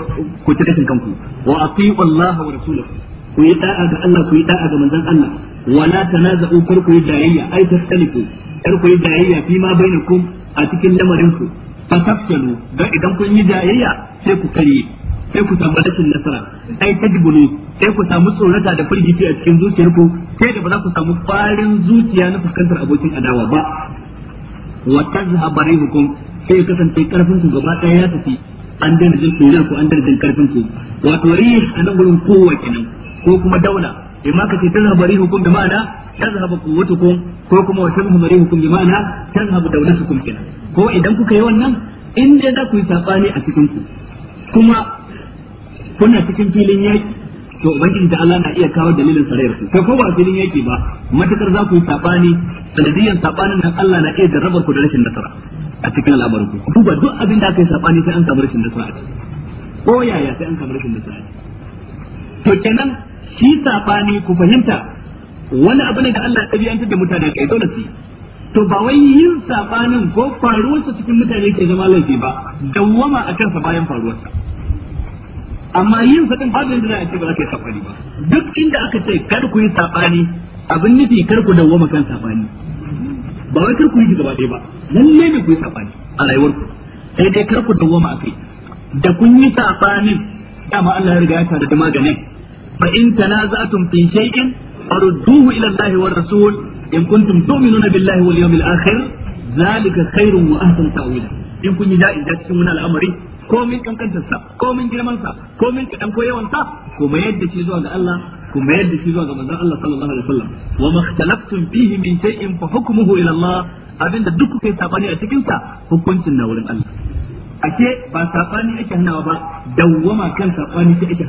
ku ci kanku wa atiqu Allah wa rasulahu ku yi da'a ga Allah ku yi da'a ga manzon Allah wala tanaza'u kar ku yi dayayya ai tasaliku kar ku yi dayayya fi ma bainakum a cikin lamarin ku fatafsalu dan idan kun yi dayayya sai ku karye sai ku samu rashin nasara ai tajbulu sai ku samu tsorata da firgici a cikin zuciyarku sai da ba za ku samu farin zuciya na fuskantar abokin adawa ba wa tazhaba rihukum sai kasance karfin ku gaba daya ya tafi an daina jin tsoron ku an daina jin karfin ku wato rih anan gurin kowa kenan ko kuma daula ma ka ce tazhabu rihukum bi ma'ana tazhabu quwwatukum ko kuma wa tazhabu rihukum bi ma'ana tazhabu dawlatukum kina ko idan kuka yi wannan in dai za ku yi sabani a cikin ku kuma kuna cikin filin yaki to ubangiji da Allah na iya kawo dalilin sarayar ku kai ko ba filin yaki ba matakar za ku yi sabani sanadiyan sabanin nan Allah na iya jarrabar ku da rashin nasara a cikin al'amarin ku duba duk abin da aka yi sabani sai an samu rashin nasara a ko yaya sai an samu rashin nasara a to kenan shi sabani ku fahimta wani abu ne da Allah ya tabiyantar da mutane kai dole su to ba wai yin sabanin ko faruwarsa cikin mutane ke zama laifi ba dawwama a kansa bayan faruwarsa amma yin sa din babu yadda za a ce ba za ka yi sabani ba duk inda aka ce kar ku yi sabani abin nufi kar ku dawwama kan sabani ba wai kar ku yi gaba ɗaya ba lalle ne ku yi sabani a rayuwarku sai dai kar ku dawwama akai da kun yi sabanin dama Allah ya riga ya tare da maganin fa in tanaza'tum fi shay'in farudduhu ila Allah wa rasul in kuntum tu'minuna billahi wal yawmil akhir zalika khairun wa ahsan ta'wila in kun yi da'in da cikin wani al'amari komin kankantar sa komin girman sa komin kadan ko yawan sa kuma yadda shi zuwa ga Allah kuma yadda shi zuwa ga manzon Allah sallallahu alaihi wasallam wa makhtalaftum fihi min shay'in fa hukmuhu ila Allah abinda duk kuka yi a cikin sa hukuncin na wurin Allah ake ba sabani ake hanawa ba dawwama kan sabani ake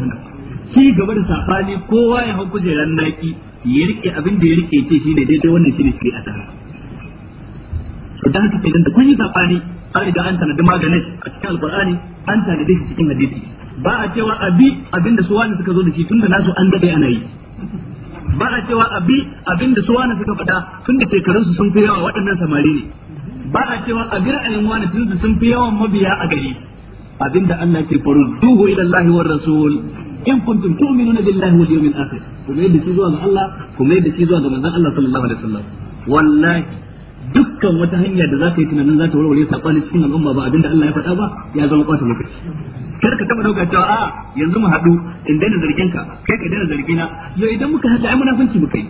ci gaba da sabani kowa ya hau kujerar naki ya rike abin da ya rike ce shi ne daidai wannan shi ne shi a tara to dan haka idan da kun yi sabani an riga an tanadi maganin a cikin alkur'ani an tanadi shi cikin hadisi ba a cewa abi abin da suwa wani suka zo da shi tunda nasu an dade ana yi ba a cewa abi abin da suwa wani suka faɗa tunda shekarun su sun fi yawa waɗannan samari ne ba a cewa abi ra'ayin wani tunda sun fi yawan mabiya a gari abinda Allah ke faru duhu ila Allah wa rasul in kuntum tu'minuna billahi wal yawmil akhir kuma yadda shi zuwa ga Allah kuma yadda shi zuwa ga manzon Allah sallallahu alaihi wasallam wallahi dukkan wata hanya da za ka yi tunanin za ta warware saɓani cikin al'umma ba abinda Allah ya faɗa ba ya zama ɓata lokaci kar ka taɓa ɗauka cewa a'a yanzu mu haɗu in daina zargin ka kai ka daina zargi na yo idan muka haɗa ai munafunci muka yi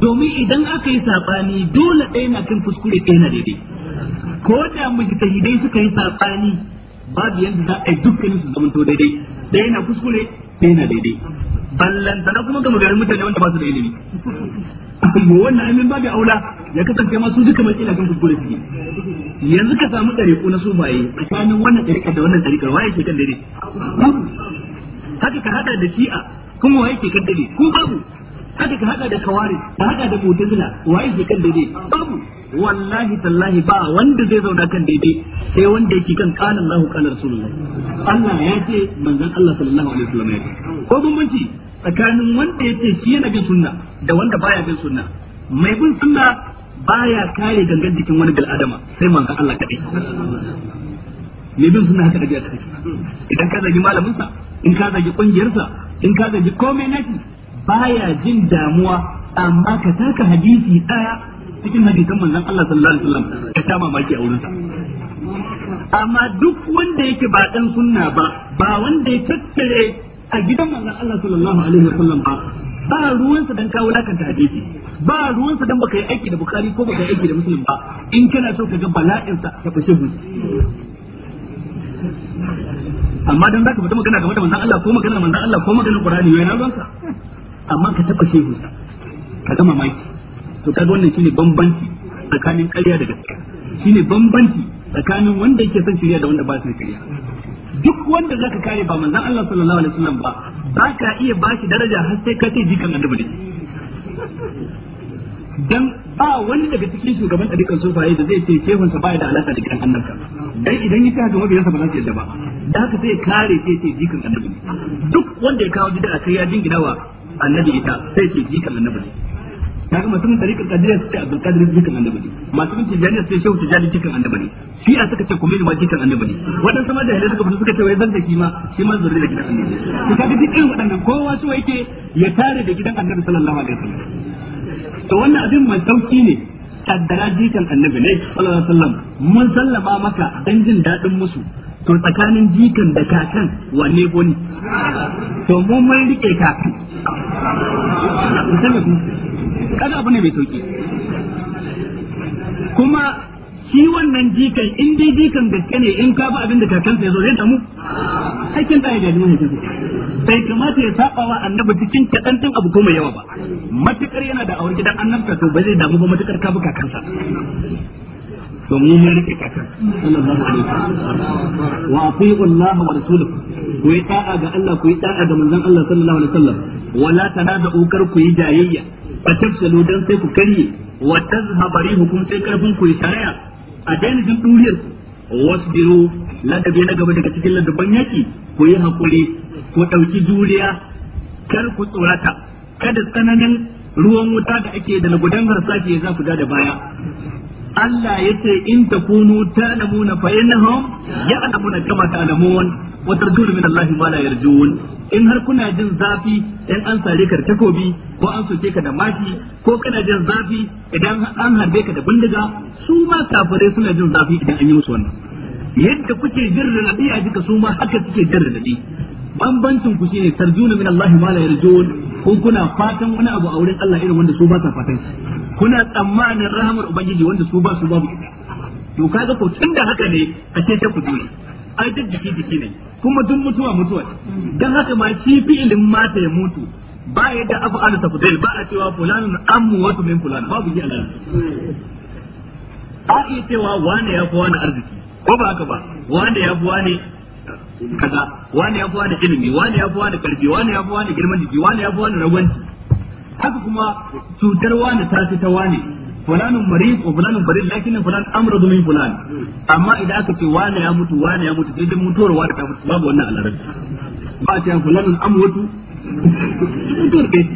domin idan aka yi saɓani dole ɗaya na kan kuskure ɗaya na daidai ko da mujtahidai suka yi saɓani babu yanzu za a yi dukkanin su to daidai ɗaya na kuskure sai na daidai ballanta na kuma gama garin mutane wanda ba su da ilimi wannan amin babu aula ya kasance ma su duka mai kan kuskure suke yanzu ka samu ɗariƙo na su sufaye tsakanin wannan ɗariƙa da wannan ɗariƙar waye ke kan daidai haka ka haɗa da shi'a kuma waye ke kan daidai ko babu kada ka hada da kawari ka hada da mutazila waye ke kan daidai babu wallahi tallahi ba wanda zai zauna kan daidai sai wanda yake kan kalan lahu kalan rasulullahi Allah ya ce manzon Allah sallallahu alaihi wasallam ya ce ko bambanci tsakanin wanda ya shi yana bin sunna da wanda baya bin sunna mai bin sunna baya kare gangan jikin wani bil adama sai manzon Allah kadai mai bin sunna haka da biya take idan ka zagi malamin sa in ka zagi kungiyarsa in ka zagi komai naki baya jin damuwa amma ka taka hadisi daya cikin hadisan manzon Allah sallallahu alaihi wasallam ka ta mamaki a wurinsa amma duk wanda yake ba dan sunna ba ba wanda ya tattare a gidan manzon Allah sallallahu alaihi wasallam ba ba ruwansa dan kawo ta hadisi ba ruwansa dan baka yi aiki da bukari ko baka yi aiki da muslim ba in kana so ka ga bala'in sa ka fashe hu amma dan zaka fita magana game da manzon Allah ko magana manzon Allah ko magana Qur'ani yana ruwansa amma ka taba shehu ka gama mai to kaga wannan shine bambanci tsakanin ƙarya da gaskiya shine bambanci tsakanin wanda yake son shirya da wanda ba su shirya duk wanda zaka kare ba manzon Allah sallallahu alaihi wasallam ba ba ka iya ba shi daraja har sai ka ce jikan annabi ne dan ba wani daga cikin shugaban ɗarikan sufaye da zai ce shehunsa baya da alaka da gidan annabka dan idan ya haka sa ba za su yadda ba da haka sai kare sai ce jikan annabi duk wanda ya kawo a sai ya jingina wa annabi ita sai ce jikan annabi kaga masu bin tariqar qadiriyya sai abdul qadir jikan annabi ne masu bin tijaniyya sai shehu tijani jikan annabi ne shi a suka ce kuma ne ma jikan annabi ne wadansu ma jahilai suka fito suka ce wai zan da shi ma shi ma zurri da gidan annabi to kaga duk irin waɗannan kowa su yake ya tare da gidan annabi sallallahu alaihi wasallam to wannan abin mai sauki ne kaddara jikan annabi ne sallallahu alaihi wasallam mun sallama maka dan jin dadin musu to tsakanin jikan da kakan wane boni to mun mai rike kakan kaga abu ne mai sauki kuma shi wannan jikan in dai jikan gaske ne in ka ba abin da kakansa ya zo zai samu hakkin ɗaya gari ne bai kamata ya saba wa annabi cikin kaɗan abu ko mai yawa ba matukar yana da aure gidan annabta ko ba zai damu ba matukar ka bi kakansa to mu mun rike kasa sallallahu alaihi wa atiiu Allah wa rasulahu ku yi ta'a ga Allah ku yi ta'a ga manzon Allah sallallahu alaihi wasallam wala tanada'u kar ku yi jayayya fa tafsalu dan sai ku karye wa tazhaba rihukum sai karfin ku yi taraya a daina jin duniyar wasbiru ladabi na gaba daga cikin ladaban yaki ku yi hakuri ku dauki juriya kar ku tsorata kada tsananin ruwan wuta da ake da na gudan harsashi ya za ku da baya Allah ce in takunu ta'lamuna fa innahum ya'lamuna kama ta'lamun wa tarjuna min Allah ma la yarjun in har kuna jin zafi in an sare ka da takobi ko an soke ka da maki ko kana jin zafi idan an harbe ka da bindiga su ma kafare suna jin zafi idan an yi musu wannan yadda kuke jin raɗaɗi a jika su ma haka suke jin raɗaɗi bambancin ku shine tarjuna min Allah ma la yarjun ko kuna fatan wani abu a wurin Allah irin wanda su ba sa fatan kuna tsammanin rahamar ubangiji wanda su ba su babu ita to kaga ko tunda haka ne a ce ta ku dole ai duk jiki jiki ne kuma duk mutuwa mutuwa dan haka ma shi fi'ilin mata ya mutu ba ya da af'alu tafdil ba a cewa na ammu wato min fulan babu ji Allah a iya cewa wani ya fi wani arziki ko ba haka ba wanda ya fi wani kaza wani ya fuwa da ilimi wani ya fuwa da karfi wani ya fuwa da girman jiki wani ya fi wani ragwanci haka kuma cutar wani ta fi ta wani fulanin marid ko fulanin barid lakin fulan amradu min fulan amma idan aka ce wani ya mutu wani ya mutu sai dai mutuwar wani ta mutu babu wannan alarar ba ta fulanin amwatu mutuwar kai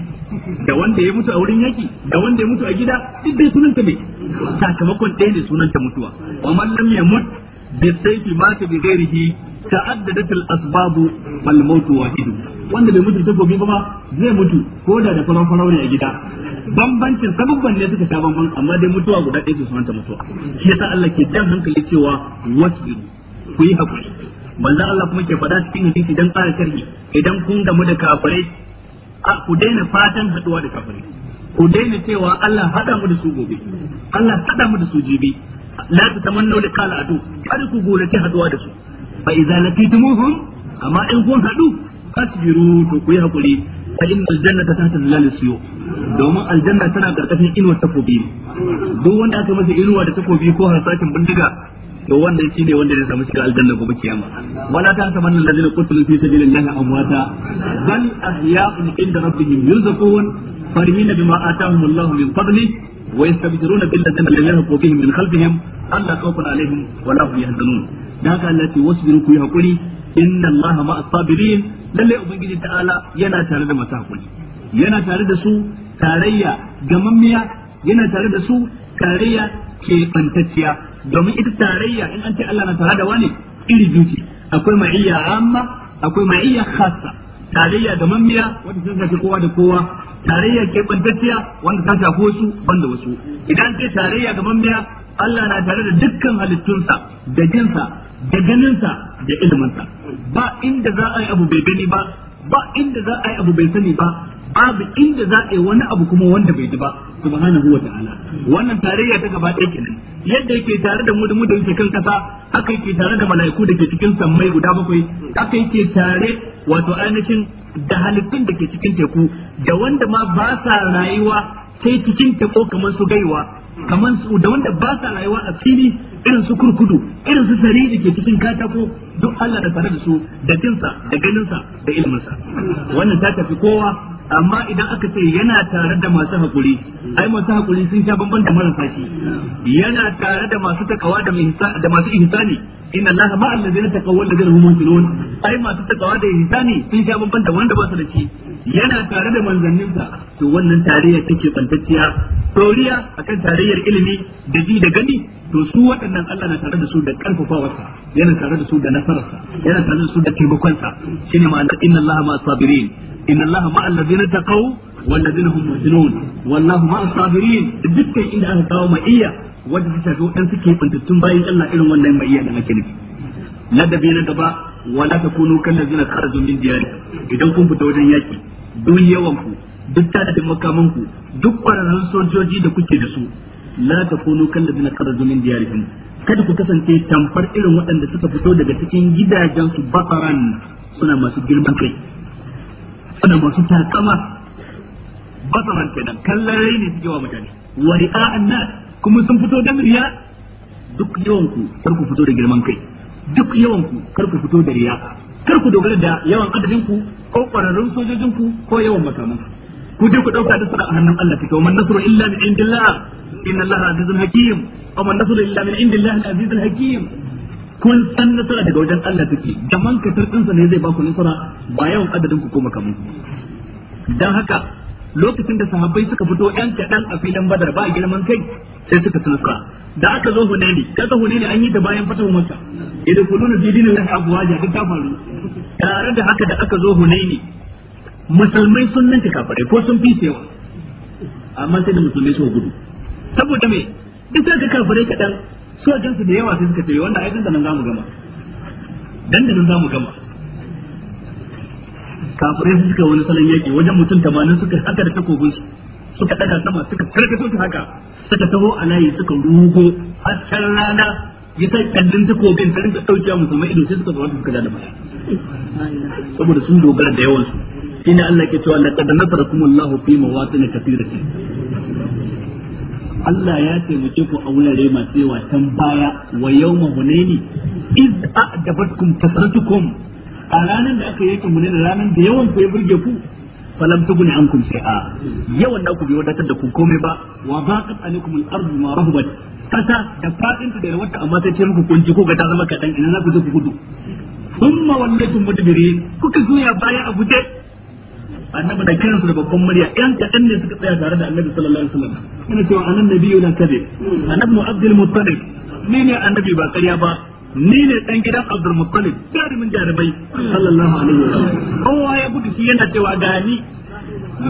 da wanda ya mutu a wurin yaki da wanda ya mutu a gida duk dai sunanta ne sakamakon ɗaya ne sunanta mutuwa wa man lam yamut bi sayfi mata bi ghairihi ta'addadat al-asbab wal maut wahid wanda bai mutu gobe ba zai mutu ko da da faran ne a gida bambancin sababban ne suka ta bamban amma dai mutuwa guda ɗaya su sunanta mutuwa shi yasa Allah ke jan hankali cewa wasbiru ku yi hakuri manzo Allah kuma ke faɗa cikin hadisi dan tsara sharhi idan kun gamu da kafirai ku daina fatan haduwa da kafare ku daina cewa Allah hada mu da su gobe Allah hada mu da su jibi la tatamannu liqa qala adu kada ku gurace haduwa da su fa idza laqitumuhum amma in kun hadu fasbiru to ku yi hakuri fa aljanna ta tahta lil suyu domin aljanna tana karkashin inuwar takobi duk wanda aka masa inuwa da takobi ko harsakin bindiga to wannan shi ne wanda zai samu shiga aljanna gobe kiyama wala ta tamanna allazina qutilu fi sabilillahi amwata bal ahya'un inda rabbihim yurzaqun farihina bima atahum Allah min fadli wa yastabshiruna bil ladzina lam yalhaqu bihim min khalfihim alla khawfun alaihim wa la hum yahzanun dan haka Allah ce wasbiru ku yi hakuri inna Allah ma as-sabirin lalle ubangiji ta'ala yana tare da masu hakuri yana tare da su tarayya gamammiya yana tare da su tarayya ke bantacciya domin ita tarayya in an ce Allah na tare da wani iri biyu ce akwai ma'iyya amma akwai ma'iyya khassa tarayya da mammiya wanda sun shafi kowa da kowa tarayya ke bantacciya wanda ta shafi wasu banda wasu idan ce tarayya da mammiya Allah na tare da dukkan halittunsa da jinsa da ganinsa da iliminsa ba inda za a yi abu bai gani ba ba inda za a yi abu bai sani ba babu inda za a yi wani abu kuma wanda bai ji ba subhanahu wa ta'ala wannan tarayya ta gaba ɗaya kenan yadda yake tare da mu da mu da yake kan kasa haka yake tare da mala'iku da ke cikin sammai guda bakwai haka yake tare wato ainihin da halittun da ke cikin teku da wanda ma ba sa rayuwa sai cikin teku kamar su gaiwa kamar su da wanda ba sa rayuwa a fili irin su kurkudu irin su sari da ke cikin katako duk Allah da tare da su da jinsa da ganinsa da ilminsa wannan ta tafi kowa amma idan aka ce yana tare da masu hakuri ai masu hakuri sun sha bamban da marasa shi yana tare da masu takawa da da masu ihsani inna allaha ma'a allazina taqawwa allazina hum muhsinun ai masu takawa da ihsani sun sha bamban da wanda ba su da shi yana tare da manzanninsa to wannan tarayya take bantacciya doriya akan tarayyar ilimi da ji da gani to su waɗannan Allah na tare da su da karfafawarsa yana tare da su da nasararsa yana tare da su da taimakonsa shine ma'anar inna Allah ma sabirin inna Allah ma allazina taqaw wal ladina hum muhsinun wallahu ma sabirin dukkan inda aka kawo iya, wanda ta shafi waɗansu ke bantattun bayan Allah irin wannan mai iya da ake nufi ladabi na gaba wala takunu kallazina kharaju min diyari, idan kun fita wajen yaki duk yawan ku duk ta makaman ku duk kwararrun sojoji da kuke da su la da kallazina kharaju zumin diyarihim kada ku kasance tamfar irin waɗanda suka fito daga cikin gidajensu bakaran suna masu girman kai suna masu takama bakaran kenan kallon rai ne suke wa mutane wa ri'a'an nas kuma sun fito da riya duk yawan ku kar ku fito da girman kai duk yawan ku kar ku fito da riya kar ku dogara da yawan adadin ku ko kwararrun sojojin ku ko yawan makaman ku dai ku dauka da sura a hannun Allah take wannan nasru illa min indillah inna Allah azizul hakim wa man nasru illa min indillah azizul hakim kun san nasara daga wajen Allah take da man kasar dinsa ne zai ba ku nasara ba yawan adadin ku ko makaman dan haka lokacin da sahabbai suka fito yan kaɗan a filin badar ba girman kai sai suka tsufa da aka zo hunayni kaga hunayni an yi da bayan fatahu makka na kuluna fi dinillahi abwaja duk ta faru tare da haka da aka zo hunayni musulmai sun nanta kafare ko sun fi sewa amma sai da musulmai suka gudu saboda me duk ka kafare kaɗan su da yawa sai suka ce wanda ai dan nan zamu gama dan da nan zamu gama kafirai su suka wani salon yaki wajen mutum tamanin suka haka da takobin su suka daga sama suka karkato su haka suka taho a layi suka rugo har can rana ya sai kallon takobin ta rinka dauke musamman ido sai suka zo suka da baya saboda sun dogara da yawan su shine Allah ke cewa laqad nasarakumullahu fi mawatin kathiratin Allah ya taimake ku a wurare masu yawa can baya wa yawma hunaini iz a'dabatkum kasratukum a ranar da aka yakin munina ranar da yawan ku ya burge ku falam tuguni ankum shay'a yawan da ku bai wadatar da ku komai ba wa baqat alaikum al ardu ma rahabat kasa da fadin da wata amma sai ce muku kunci ko ga ta zama kadan ina za ku je ku gudu thumma wallaytum mudbirin kuka zuya baya a guje annabi da kiran su da babban murya yan kadan ne suka tsaya tare da annabi sallallahu alaihi wasallam ina cewa annabi yana kabe annabi abdul muttalib ne ne annabi ba ƙarya ba ni ne dan gidan Abdul Muttalib jarumin jarubai sallallahu alaihi sallam kowa ya gudu shi yana cewa ga ni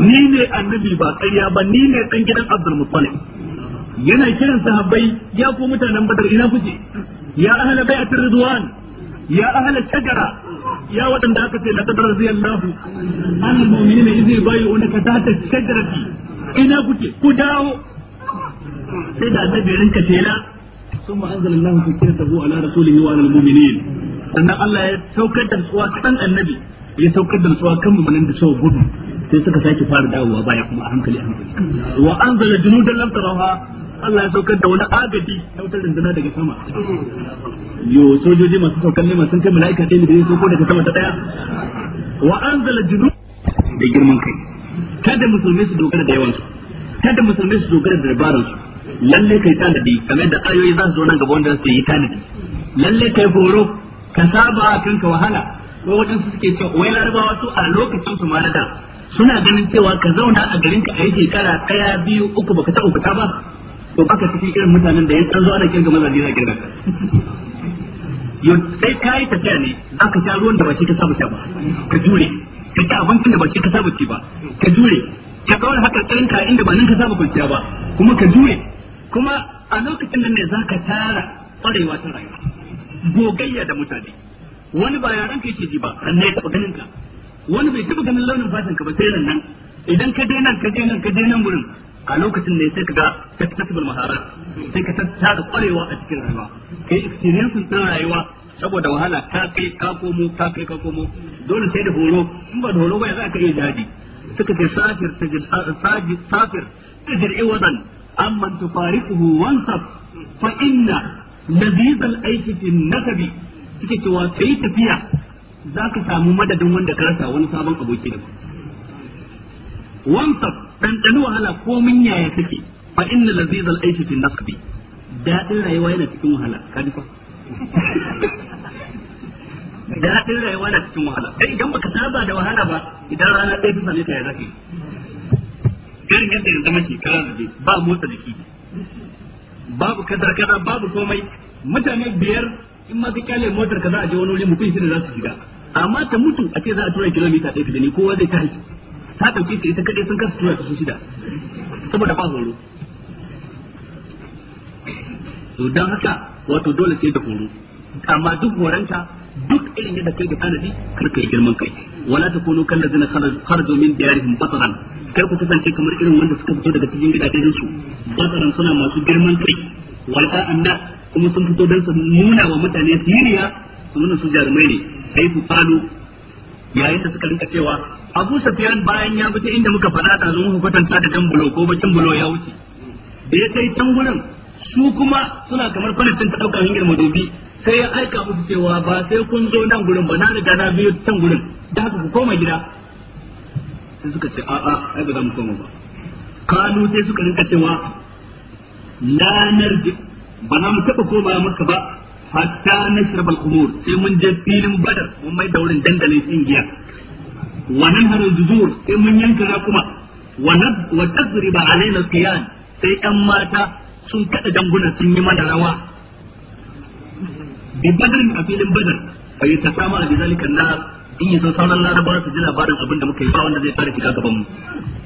ni ne annabi ba ƙarya ba ni ne dan gidan Abdul Muttalib yana kiran sahabbai ya ko mutanen Badar ina kuke ya ahla bai'atir ridwan ya ahla shajara ya waɗanda aka ce laqad radiyallahu anil mu'minina bayu yubayyi'unaka tahta shajarati ina kuke ku dawo sai da annabi rinka tela ثم أنزل الله سكينته على رسوله وعلى المؤمنين الله يتوكد سوى كان النبي يتوكد سوى كم من عند سوى بدو sai suka sake fara dawowa baya kuma a hankali a hankali wa anzala junudan lam tarawha Allah ya saukar da wani na wutar rundunar daga sama yo sojoji masu saukar sun kai mala'ika ɗaya da ya sauko daga sama ta ɗaya wa anzala da girman kai kada musulmai su dogara da yawansu kada musulmai su dogara da dabaransu lalle kai tanadi kamar da ayoyi za su zo nan gaba wanda su yi tanadi lalle kai horo ka saba kanka wahala ko su suke cewa wai larabawa su a lokacin su da suna ganin cewa ka zauna a garin ka ayi kara daya biyu uku baka taɓa fita ba to baka cikin irin mutanen da ya san zuwa da kirga mazaje za kirga yau sai ka yi tafiya ne za ka sha ruwan da ba shi ka saba sha ba ka jure ka ci abincin da ba shi ka saba ci ba ka jure ka kawar haka tsarin ka inda ba nan ka saba kwanciya ba kuma ka jure kuma a lokacin nan ne zaka tara kwarewa ta rayuwa gogayya da mutane wani ba yaran ka yake ji ba sannan ne taba ganin ka wani bai taba ganin launin fatan ka ba sai nan idan ka je nan ka je nan ka je nan gurin a lokacin ne sai ka ga ka tasbul mahara sai ka tattara kwarewa a cikin rayuwa kai experience ta rayuwa saboda wahala ta kai ka komo ta kai ka komo dole sai da horo in ba da horo ba za ka iya jadi suka ce safir tajid safir tajid iwadan amman tufariquhu wansab fa inna lazizal aiki fi nasabi suke cewa kai tafiya zaka samu madadin wanda ka rasa wani sabon aboki da wansab dan dan wahala ko mun yaya suke fa inna lazizal aiki fi nasabi Daɗin rayuwa yana cikin wahala ka nufa? daɗin rayuwa na cikin wahala kai idan baka saba da wahala ba idan rana ɗaya ta same ka ya zafi irin yadda ya zama shekara zube ba motsa jiki babu kadar kaza babu komai mutane biyar in ma ka kyale motar kaza a je wani wuri mutum shine za su shiga amma ta mutu a ce za a tura kilomita ɗaya da ni kowa zai tashi ta ɗauke ta ita kaɗai sun kasa tura ta su shida saboda ba horo to don haka wato dole sai da horo amma duk horanta duk irin yadda kai da tanadi kar kai girman kai wala takunu kal ladina kharaju min diyarihim bataran kar ku kasance kamar irin wanda suka fito daga cikin gidajen su bataran suna masu girman kai walqa anna kuma sun fito dan su nuna wa mutane siriya wannan su jarumai ne kai ku falo yayin da suka rinka cewa Abu Sufyan bayan ya fita inda muka fada da zuwa kwatanta da dan bulo ko bakin bulo ya wuce da ya kai can gurin su kuma suna kamar kwalitin ta daukar hanyar madobi sai ya aika muku cewa ba sai kun zo nan gurin ba na riga na biyo can gurin da haka ku koma gida sai suka ce a'a ai ba za mu koma ba Kanu sai suka rinka cewa la narji ba na mu taba koma maka ba hatta na shirbal umur sai mun je filin badar mun mai daurin dandalin singiya Wannan harin juzur sai mun yanka kuma. rakuma wa nadriba alaina qiyan sai yan mata sun kada danguna sun yi mana rawa bi badrin a filin badar fa yatasama bi zalika an-nas in yaso sauran larabawa su ji labarin abin da muka yi ba wanda zai fara shiga gaban mu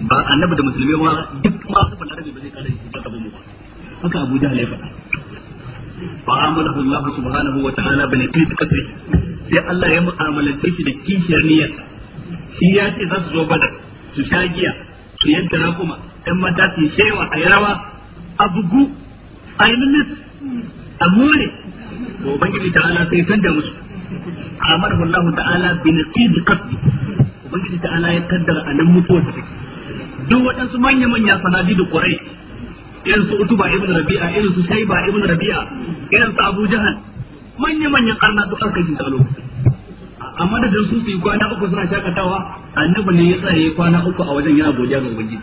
ba annabi da musulmi ma duk ma su balarabi ba zai fara shiga gaban mu ba haka Abu Jahl ya faɗa fa amalahu Allah subhanahu wa ta'ala bi nafsi kasri sai Allah ya mu'amalance shi da kishiyar niyyar shi ya ce za su zo badar su sha giya su yanka rakuma ɗan mata su shewa a yarawa a bugu a yi a to ubangiji ta'ala sai sanda musu amarahu Allah ta'ala bi nasid qasdi ubangiji ta'ala ya kaddara anan mutuwar ta take duk waɗansu manya-manya sanadi da ƙurai irin su utuba ibn rabi'a irin su shaiba ibn rabi'a irin su abu jahal manya-manyan karna duk an kashe a lokacin amma da dan su su yi kwana uku suna shakatawa annabi ne ya tsaya kwana uku a wajen yana godiya ga ubangiji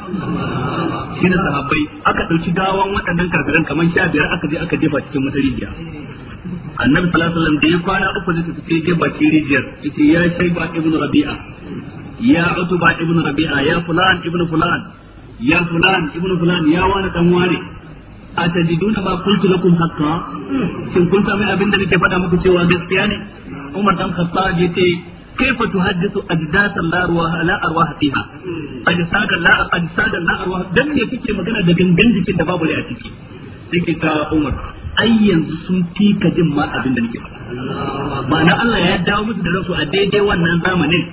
shi da sahabbai aka dauki gawan waɗannan kafiran kamar sha biyar aka je aka jefa cikin wata annabi sallallahu alaihi wasallam da ya kwana uku ne su ke baki rijiyar yace ya ba ibn rabi'a ya utu ba ibn rabi'a ya fulan ibn fulan ya fulan ibn fulan ya wani dan wani atajiduna ba qultu lakum haqqan kin kunta mai abin da nake faɗa muku cewa gaskiya ne Umar dan Khattab yace كيف تحدث أجداثا لا أرواح لا أرواح فيها أجسادا لا أجسادا لا أرواح دم يفكر مكانها دجن جنجك الدباب اللي أتيكي تيكي تا عمر ai yanzu sun fi ka jin ma abin da nake faɗa ma'ana Allah ya dawo musu da rasu a daidai wannan zamanin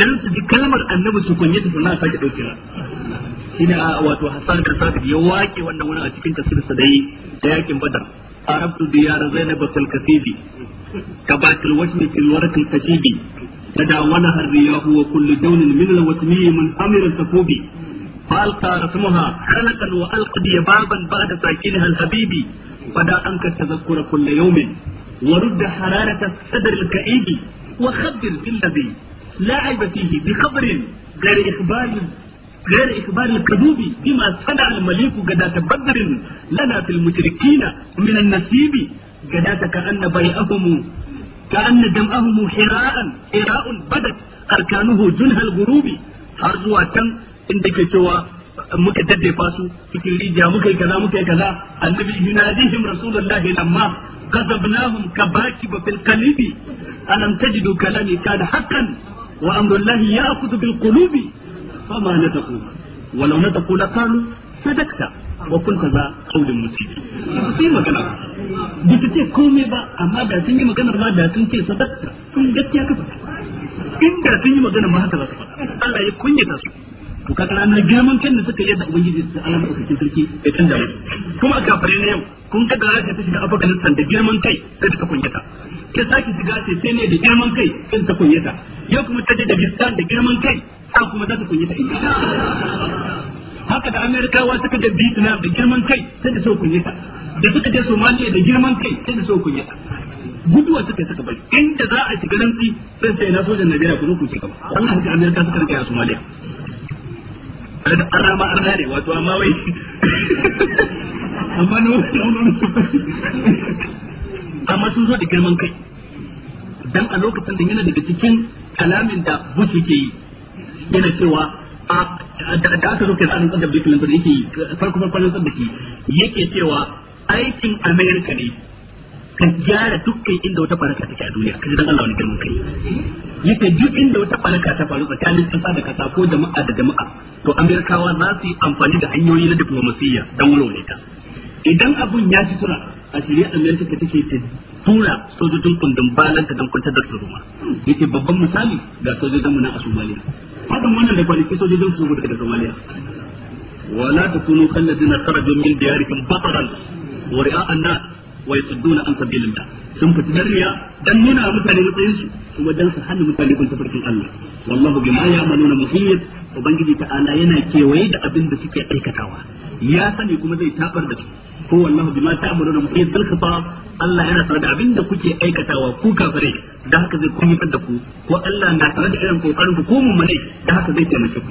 dan su ji kalmar annabi su kunye su na sake dauke ra shine a wato hasan da Sadiq ya wake wannan wani a cikin kasir sa dai da yakin Badar arabtu diyar Zainab fil kasibi kabatil wajhi fil warq al kasibi تداولها الرياح وكل لون من الوثني من أمر الثقوب فألقى رسمها خلقا وألقى بابا بعد ساكنها الحبيبي فدا أنك التذكر كل يوم ورد حرارة الصدر الكئيب وخبر بالذي لا عيب فيه بخبر غير إخبار غير إخبار الكذوب بما صنع المليك غداة بدر لنا في المشركين من النسيب غداة كأن بيئهم كأن دمأهم حراء حراء بدت أركانه جنه الغروب har zuwa can inda ke cewa muka daddefa su cikin rijiya muka yi kaza muka yi kaza annabi yunadihim rasulullahi lamma kabaki ba fil alam tajidu kalami kana haqqan wa amrullahi ya'khudhu bil qulubi fama wa law sadakta wa kunta za qawlin musib sai magana ce komai ba amma da sun yi da sun ce sadakta sun gaskiya ka faɗa inda sun yi magana ma haka za su faɗa Allah ya kunyata su to kana na girman kan da suka yi da ubangiji su Allah madaukakin sarki ya canza mu kuma a kafare ne yau kun ga gara ta shiga Afghanistan da girman kai sai ta kunyata ke saki shiga sai sai ne da girman kai sai ta kunyata yau kuma ta da Pakistan da girman kai sai kuma za ta kunyata haka da Amerikawa suka da Vietnam da girman kai sai da so kunyata da suka je somaliya da girman kai sai da so kunyata guduwa suka suka bari inda za a shiga ranci sai sai na sojan Najeriya ku zo ku shiga Allah haka Amerika suka rike a somaliya kaga arna wato amma wai amma amma sun zo da girman kai dan a lokacin da yana daga cikin kalamin da Bush yake yi yana cewa da aka zuke tsarin tsarin da yake farko farko da yake cewa aikin America ne ka gyara dukkan inda wata baraka take a duniya kaji dan Allah wani girman kai yake duk inda wata baraka ta faru tsakanin kasa da kasa ko jama'a da jama'a to Amerikawa za su yi amfani da hanyoyi na diplomasiyya dan wurare ta idan abun ya ci tura a shirye Amerika take ta tura sojojin kundin balanta dan kwantar da tsaruma yake babban misali ga sojojin mu na a Somalia hakan wannan da kwanaki sojojin su daga Somalia wala takunu kallazina kharaju min diyarikum bataran wa ri'a an wa yasudduna an sabilillah sun fita dariya dan nuna mutane matsayin su kuma dan su hana mutane kun tafarkin Allah wallahu bima ya'maluna muhit ubangiji ta'ala yana kewaye da abin da suke aikatawa ya sani kuma zai tabar da su ko wallahu bima ta'maluna muhit bil khitab Allah yana sanar da abin kuke aikatawa ku kafare dan haka zai kunyatar da ku ko Allah na sanar da irin kokarin ku ko mun mane dan haka zai taimake ku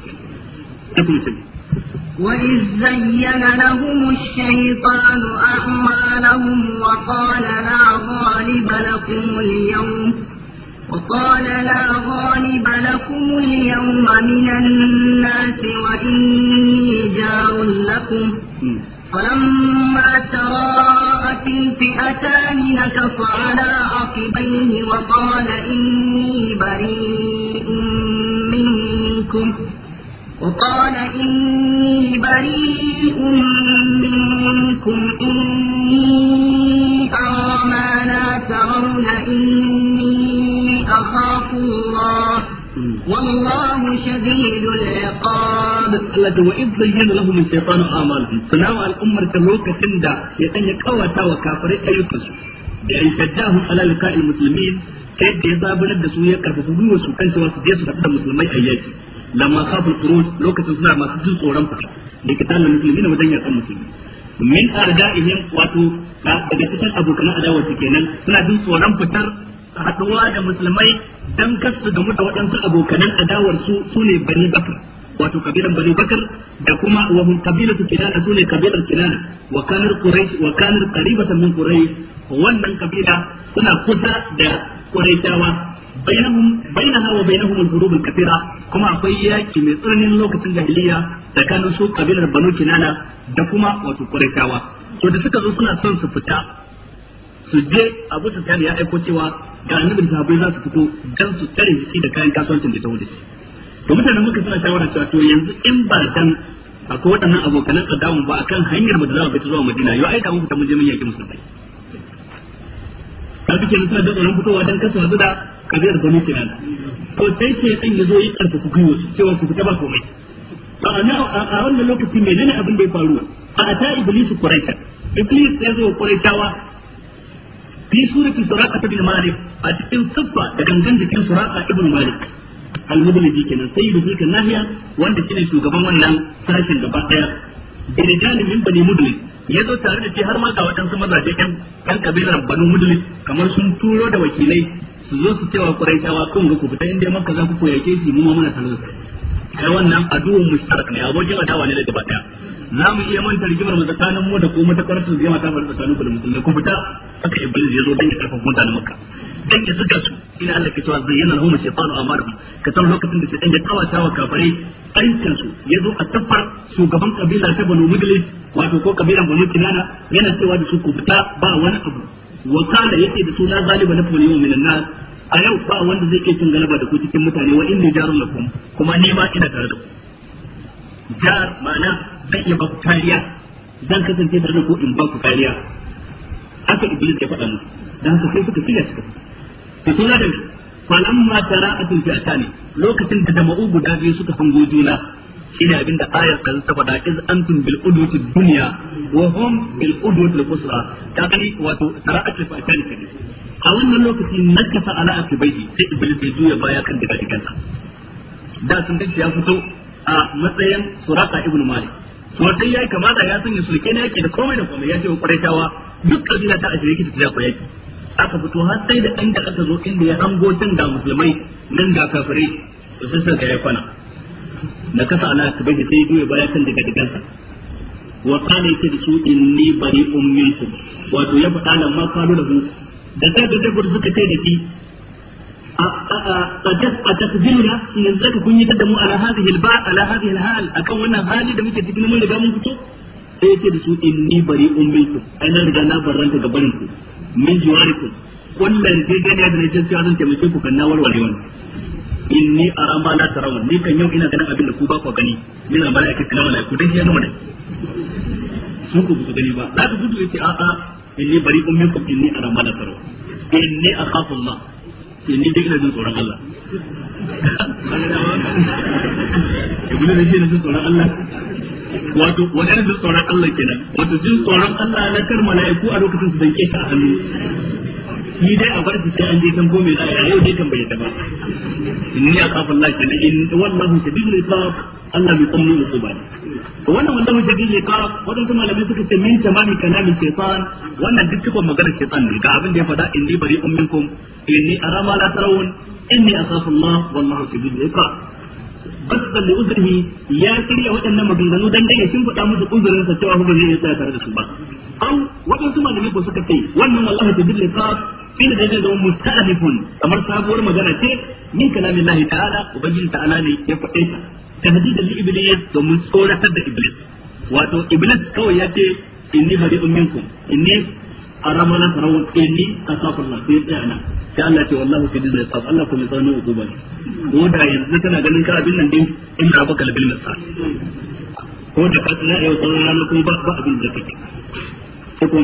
وإذ زين لهم الشيطان أعمالهم وقال لا غالب لكم اليوم وقال لا غالب لكم اليوم من الناس وإني جار لكم فلما تراءت الفئتان نكص على عقبيه وقال إني بريء منكم وقال إني بريء منكم إني أرى ما لا ترون إني أخاف الله والله شديد العقاب الله وإذ زين لهم الشيطان أعمالهم صنعوا الأمة كملوكة تندى يتنى قوة وكافرين أيكسوا بأن شداهم على لقاء المسلمين كيف يزابنا الدسوية كرفوا بيوسوا كان سواسدية سنة المسلمين أياكي lamma khafu al lokacin suna masu jin tsoron fa da kitan musulmi ne wajen yakan musulmi min ardaihim wato daga cikin abokan adawa kenan suna jin tsoron fitar haduwa da musulmai dan kasu da mutu waɗansu abokanan adawar su sune bani bakar wato kabilan bani bakar da kuma wa hum kabilatu kinana sune kabilar kinana wa kanar quraish wa kanar qaribatan min quraish wannan kabila suna kusa da quraishawa bainahum bainaha wa bainahum al-hurub al-kathira kuma akwai yaki mai tsananin lokacin jahiliya tsakanin su kabilar Banu Kinana da kuma wato Quraishawa to da suka zo suna son su fita su je Abu Sufyan ya aiko cewa ga da sahabbai za su fito dan su tare shi da kayan kasuwancin da ta wuce to mutanen muka suna shawara cewa to yanzu in ba dan akwai waɗannan abokan adamu ba akan hanyar da za mu fita zuwa Madina yau ai da mun fita mun je mun yaki musulmai kaga kenan suna da tsoron fitowa dan kasu da kabiyar banu kinana to sai ce dan yazo yi ku gwiwa cewa ku fita ba komai to a wannan lokaci menene abin da ya faru a ta. iblis quraisha iblis ya zo quraishawa fi surati suraka ibn malik a cikin siffa da dangan jikin suraka ibn malik al-mudliji kenan sayyidu tilka nahiya wanda kine shugaban wannan sashin gaba daya birjani min bani mudlis ya zo tare da shi har ma ga wadansu mazaje ɗan kabilar banu mudlis kamar sun turo da wakilai su zo su cewa quraishawa kun ga ku fita inda makka za ku koyake shi mu ma muna tare da kai wannan aduwwun mushtarak ne abokin adawa ne da gaba daya za mu iya manta rigimar mu tsakanin mu da kuma takarar su zai mata faru tsakanin ku da musulmai ku fita aka bilis ya zo dan ya karfafa mutanen makka dan ya suka su ina Allah ke cewa zayyana lahum shaytanu amarhum ka san lokacin da shaytan ya kawata wa kafare aikin su ya zo a tafar shugaban kabila ta banu mudlis wato ko kabilan banu kinana yana cewa da su ku fita ba wani abu wa kana yace da suna zaliba na fulani min nas a yau ba wanda zai iya cin galaba da ku cikin mutane wa inni jarun lakum kuma ni ma ina tare da ku jar ma'ana zan iya baku kariya zan kasance tare da ku in baku ku kariya haka iblis ya faɗa musu dan haka sai suka tiya suka to suna da falamma tara'atul fi'atani lokacin da jama'u guda biyu suka hango juna shine abinda ayar kan ta faɗa iz antum bil udwati dunya wa hum bil udwati al-qusra ta gani wato tara'at fa kan kadi a wannan lokaci nakasa ala akibaiti sai iblis ya juya baya kan daga dikansa da sun dace ya fito a matsayin suraka ibnu malik to sai yayi kamata ya sanya sulke ne yake da komai da komai ya ce quraishawa duk kabila ta ashirin ki ta ko ki aka fito har sai da an da aka zo inda ya hango tun ga musulmai nan ga kafirai to sai sai ya kwana na kasa ana ka bai sai ya baya kan daga dagansa wa qala yake da su inni bari minkum wato ya faɗa nan ma da lahu da ta da dabbar suka kai da shi a tasbiruna in zaka kun yi ta mu ala hadhihi al ba' ala hadhihi al hal akan wannan hali da muke cikin mun riga mun fito sai yake da su inni bari minkum ai nan riga na barranta ga barin ku min jiwarikum wannan dai gani da ne cewa zan taimake ku kan na warware wannan inni arama na la tarawun ni kan yau ina ganin abin da ku ba ku gani min al malaikati kana malaiku ku dai yana da su ku ku gani ba da ku gudu yace a a inni bari'un minkum inni ara ma la tarawun inni akhafu Allah inni dai ina jin tsoron Allah ibnu da shi ne jin tsoron Allah wato wajen jin tsoron Allah kenan wato jin tsoron Allah na kar malaiku a lokacin su danke ka a hannu shi dai a farko sai an je kan gome za a yau dai kan bai da ba inni akhafu Allah kana in wallahu shadidul iqab Allah bi tsammi uquba wannan wallahu shadidul iqab wannan kuma malamin suka ce min tamami kalamin shaytan wannan duk cikon maganar shaytan ne ga abin da ya faɗa inni bari umminkum inni arama la tarawun inni akhafu Allah wallahu shadidul iqab basdan da uzuri ya shirya wadannan maganganu dan dai ya shimfiɗa musu uzurin sa cewa ba ne ya tsaya tare da su ba au waɗansu malamai ko suka ce wannan wallahi tadilli qaf shi da zai zama musta'anifun kamar sabuwar magana ce min kalamin lahi ta'ala ubangiji ta'ala ne ya faɗe ta tahdidan li iblis domin tsoratar da iblis wato iblis kawai ya ce inni bari'un minkum inni arama na tarawun inni sai tsaya na sai Allah ce wallahu fi dinna yasaf Allah kuma ko da yanzu tana ganin ka abin nan din in da baka labil nasa ko da ka tsaya yau tsawon ranar kuma ba abin da kake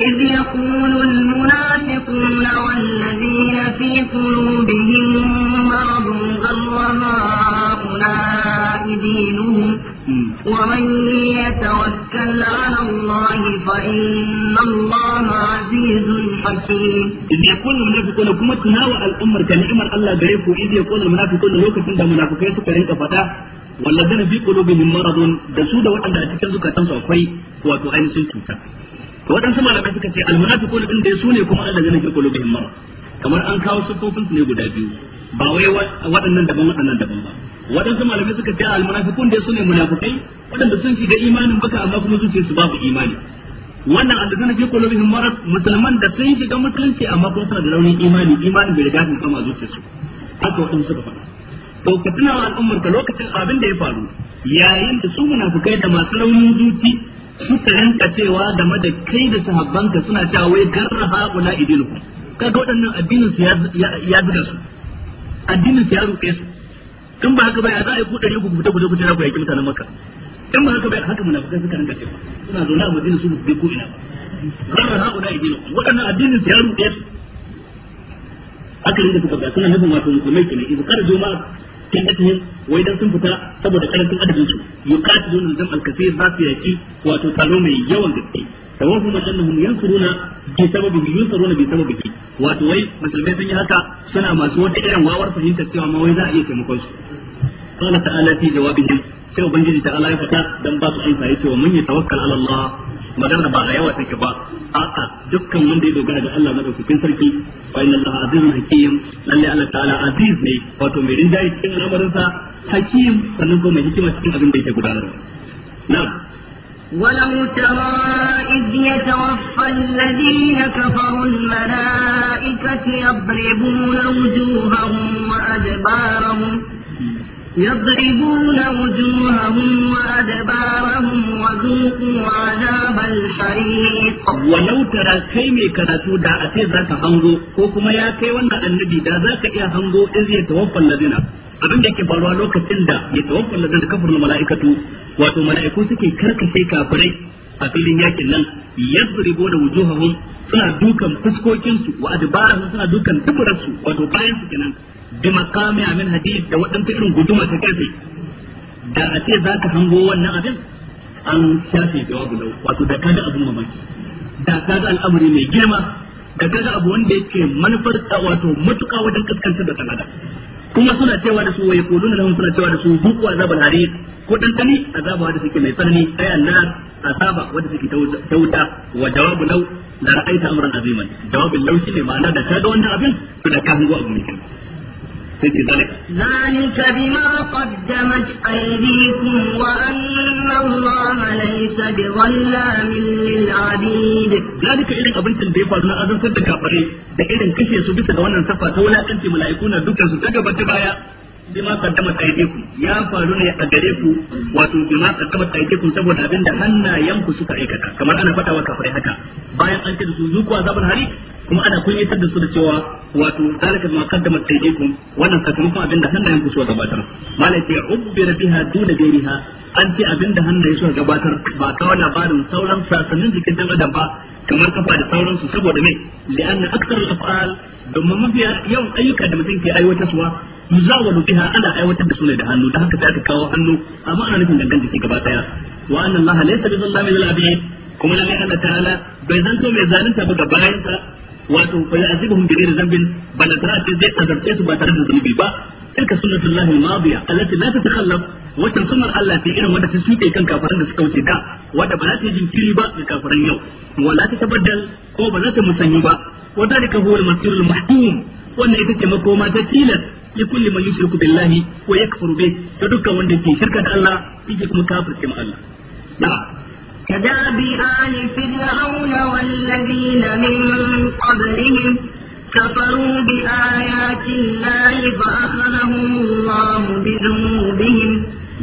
إذ يقول المنافقون والذين في قلوبهم مرض غر هؤلاء دينهم ومن يتوكل على الله فإن الله عزيز حكيم إذ يقول المنافقون كما تناوى الأمر كنعمر الله بريكو إذ يقول المنافقون لوكة عند منافقين سكرين كفتاة والذين في قلوبهم مرض دسود وأن أتكلم كتنسى أخوي وأتو أين سلسلسل to waɗansu malamai suka ce almunafiquna din dai sune kuma allazina fi qulubihim marad kamar an kawo sufofin su ne guda biyu ba wai waɗannan daban waɗannan daban ba waɗansu malamai suka ce almunafiqun dai sune munafikai waɗanda sun shiga imanin baka amma kuma zuciyarsu babu imani wannan allazina fi qulubihim marad musulman da sun shiga mutunci amma kuma suna da launin imani imanin bai riga sun kama zuciyarsu haka waɗansu suka faɗa to ka tuna al'ummar ka lokacin abin da ya faru yayin da su munafikai da masu raunin zuci suka rinka cewa game da kai da sahabbanka suna cewa wai garra haula idilu kaga waɗannan addinin su ya zuga su addinin su ya rufe su in ba haka ba ya za a yi kudari ku fita guje guje ku yaki mutanen makka in ba haka ba haka munafikai suka rinka cewa suna zaune a madina su bai ko ina ba garra haula idilu waɗannan addinin su ya rufe su haka rinka suka ga suna nufin wato musulmai kenan idan kada zo ma qillatihim wai dan sun fita saboda karancin adadin su yuqatiluna al-jam'a al-kaseer za su yaki wato talo mai yawan gaske tawahum annahum yansuruna bi sababihi yansuruna bi sababihi wato wai musulmai sun yi haka suna masu wata irin wawar fahimtar cewa ma wai za a iya taimakon su qala ta'ala fi jawabihim sai ubangiji ta'ala ya fata dan ba su amsa yace wa man yatawakkal ala Allah maganar ba a yawa take ba a'a dukkan wanda ya dogara ga Allah madaukakin sarki fa inna Allah azizun hakim lalle Allah ta'ala aziz ne wato mai rinjaye cikin lamarinsa sa hakim sannan kuma mai hikima cikin abin da yake gudanarwa na'am ولو ترى إذ يتوفى الذين كفروا الملائكة يضربون وجوههم وأدبارهم يضربون وجوههم وأدبارهم وذوقوا عذاب الحريق ولو ترى كيمي كراتو دا أتي ذاك هنغو كوكما يا كيوانا النبي دا ذاك يا هنغو إذ يتوفى الذين abin da yake faruwa lokacin da ya tawaffa da zan kafar mala'ikatu wato mala'iku suke karkashe kafirai a filin yakin nan yadribu da wujuhahum suna dukan fuskokin su wa adbarahum suna dukan duburar su wato bayan su kenan bi Amin min da waɗanta irin guduma ta karfe da a ce zaka hango wannan abin an shafe jawabu da wato da kaga abun mamaki da kaga al'amari mai girma da kaga abu wanda yake manufar wato matuƙa wajen kaskantar da sanada kuma suna cewa da su waye kuluna lahum suna cewa da su buku azabul hari ko dan tani azaba wanda suke mai tsanani ai annar azaba wanda suke tauta wa jawabu lau la ra'aita amran aziman jawabin lau shine ma'ana da kaga wannan abin to da ka hango abu mai sai ce zalika zalika bima qaddamat aydikum wa anna allaha laysa bighallamin lil abid zalika irin abincin da ya faru na azantar da kafare da irin kashe su bisa ga wannan safa ta wulakanci mala'iku na dukkan su ta gaba ta baya bima qaddama aydikum ya faru ne a gare ku wato bima qaddama aydikum saboda abin da hannayen ku suka aikata kamar ana fada wa kafirai haka bayan an ce da su zuku azaban hari kuma ana kunyatar da su da cewa wato zalika bima qaddama aydikum wannan sakamakon abin da hannayen ku suka gabatar malaka ya ubbira biha duna gairiha an ce abin da hannayen suka gabatar ba kawo labarin sauran sasannin jikin dan adam ba kamar kafa da sauransu saboda mai li'anna aktsarul af'al domin mafiya yawan ayyuka da mutum ke aiwatarwa yuzawalu biha ana aiwatar da su da hannu da haka sai aka kawo hannu amma ana nufin dangan jiki gaba daya wa anna Allah laysa bi zallamin lil abid kuma lalle Allah ta'ala bai zanto mai zalunta ba ga bayansa wato fa ya'zibuhum bi ghairi dhanbin bal ta'ati zai azabce su ba tare da zunubi ba تلك سنة الله الماضية ta لا تتخلف وتن allah الله idan wanda ودا تسويته kan كافرين da suka wuce da wanda ba za ta yi kiri ba ga kafiran yau wala ta tabaddal ko ba za ta musanyi ba wadalika huwa al masirul al-mahdim wannan ita ce makoma ta tilas li kulli man yushriku billahi wa yakfuru bih to dukkan wanda ke shirka da Allah yake kuma kafirce ma Allah كداب آل فرعون والذين من قبلهم كفروا بآيات الله فأخذهم الله بذنوبهم ka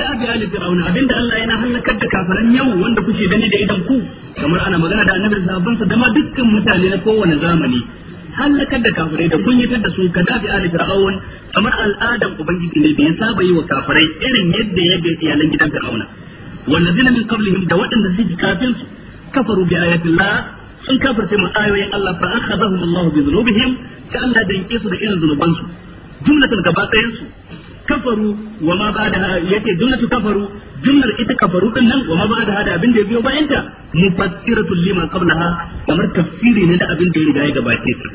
ta bi ali firawuna abin da Allah yana hallakar da yau wanda kuke gani da idan ku kamar ana magana da annabi zaban sa da ma dukkan mutane na kowane zamani hallakar da kafirai da kun yitar da su ka ta bi ali firawun kamar al'adan ubangiji ne bai saba yi wa kafirai irin yadda ya ga iyalan gidan firawuna wannan zina min qablihim da wadanda suke kafin su kafaru ya ayatillah sun kafirce mu ayoyin Allah fa akhadhahum Allah bi dhunubihim ta Allah danke su da irin zunuban su jumlatan gaba ɗayan su kafaru wa ma ba'da yace jumlatu kafaru jumlar ita kafaru din nan wa ma ba'da hada abin da ya biyo bayan ta mufassiratul lima qablaha kamar tafsiri ne da abin da ya riga ya gabace ta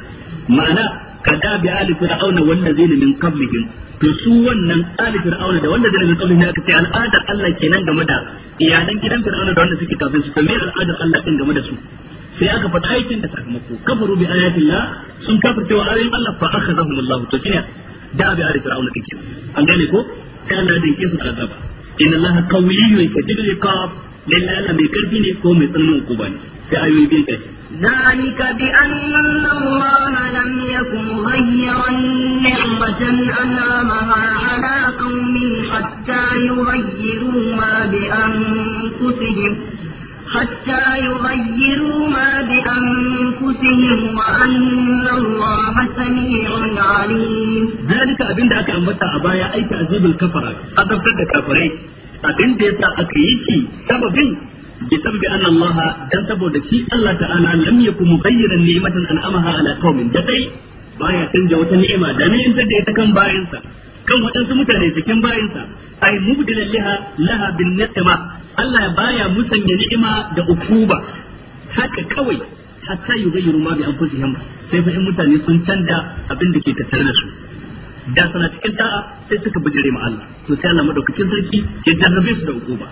ma'ana kada bi ali fir'auna wallazina min qablihim to su wannan ali fir'auna da wallazina min qablihim aka ce al'adar Allah kenan game da iyalan gidan fir'auna da wanda suke kafin su to me al'adar Allah din game da su sai aka faɗa aikin da sakamako kafaru bi ayatillah sun kafirce cewa ayoyin Allah fa akhazahumullahu to kina da bi ari fir'auna kake an gane ko sai Allah din kisu azaba inna Allah qawiyyun shadidul iqab lalle Allah mai karfi ne ko mai tsananin ku ne sai ayoyi biyu kai ذلك بأن الله لم يكن غيرا نعمة أنعمها على قوم حتى يغيروا ما بأنفسهم Hattayu bayyana bai da abin da aka ambata a baya aiki a zubin kafar a da kafarai, abin da ya sa aka yi shi sabbin da sabbin al'amma don saboda ci Allah ta'ala na lammiya ku mu bayyana neman al'amma al'akau da ta yi, ba ya canza wata ni'ima da ni in daɗe ta kan bayinsa. kan waɗansu mutane cikin bayinsa ai mubdilan liha laha bin ni'ma Allah baya musanya ni'ima da ukuba haka kawai hatta yughayyiru ma bi anfusihim sai fa in mutane sun canza abin da ke tattare da su da sana cikin da'a sai suka bijire ma Allah to sai Allah madaukakin sarki ya jarrabe su da ukuba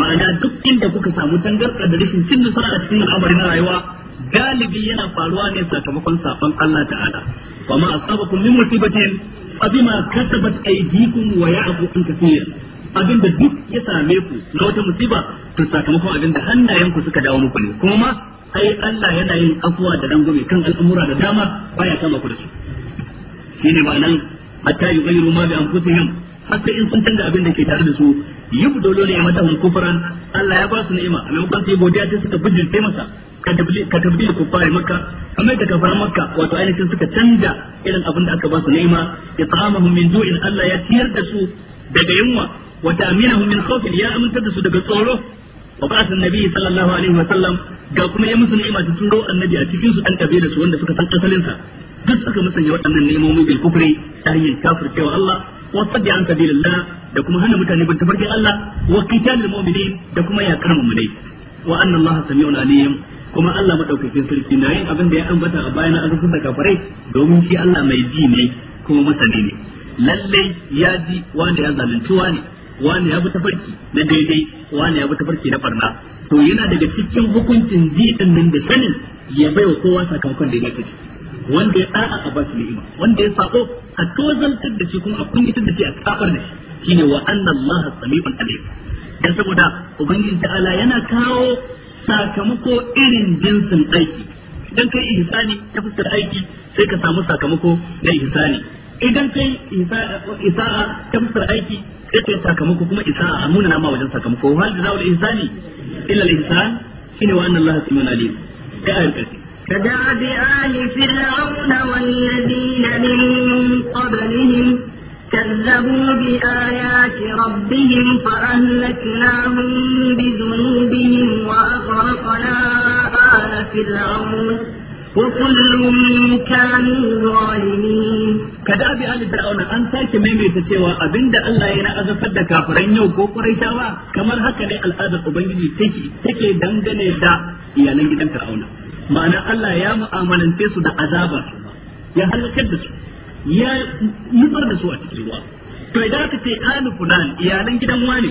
ma'ana duk inda kuka samu tangarɗa da rashin cin nasara a cikin al'amari na rayuwa galibi yana faruwa ne sakamakon saban Allah ta'ala wa ma asabakum min musibatin abima kasabat aydikum wa ya'fu an kaseer abinda duk ya same ku na wata musiba to sakamakon abinda ku suka dawo muku ne kuma ma ai Allah yana yin afuwa da rangwame kan al'amura da dama baya kama ku da su shine nan hatta yughayyiru ma bi anfusihim har sai in sun canza abin da ke tare da su ne yubdulu ni'matahum kufuran Allah ya ba su ni'ima a maimakon su godiya sai suka bijirce masa ka tabbil kuffari maka amma da kafaran maka wato ainihin suka canja irin abin da aka ba su ni'ima it'amahum min du'in Allah ya tiyar da su daga yunwa wa ta'minahum min khawfin ya amintar da su daga tsoro wa ba'atha an-nabi sallallahu alaihi wa sallam ga kuma ya musu ni'ima ta turo annabi a cikin su dan tabe da su wanda suka san asalin sa duk suka musanya waɗannan ni'imomi bil kufri ta hanyar kafircewa Allah wa saddi an sabilillah da kuma hana mutane bin tafarkin Allah wa qitalil mu'minin da kuma ya karama mu dai wa anna Allah sami'un alim kuma Allah madaukakin sarki na yin abin da ya ambata a bayan azabun da kafirai domin shi Allah mai ji ne kuma masani ne lalle ya ji wanda ya zalunci wani wani ya tafarki na daidai wani ya tafarki na barna to yana daga cikin hukuncin ji din nan da sanin ya baiwa kowa sakamakon da ya kace wanda ya da'a a bashi ni'ima wanda ya sako a tozantar da shi kuma a kunyatar da shi a kafar da shi shine wa anna maha sami'un alim dan saboda ubangiji ta'ala yana kawo sakamako irin jinsin aiki idan kai ihsani ta fuskar aiki sai ka samu sakamako na ihsani idan kai isa'a ta fuskar aiki sai kai sakamako kuma isa'a amuna na ma wajen sakamako hal da zaul ihsani illa al ihsan shine wa anna allaha sami'un alim sai ayar كداب آل فرعون والذين من قبلهم كذبوا بآيات ربهم فأهلكناهم بذنوبهم وأغرقنا آل فرعون Ka daɗi Ali Fir'auna an sake maimaita cewa abinda Allah ya na azabtar da kafaran yau ko ƙuraitawa kamar haka ne al'adar Ubangiji take take dangane da iyalan gidan Fir'auna. ma'ana Allah ya mu'amalance su da azaba ya halakar da su ya nufar da su a cikin ruwa to idan aka ce alu fulan iyalan gidan wane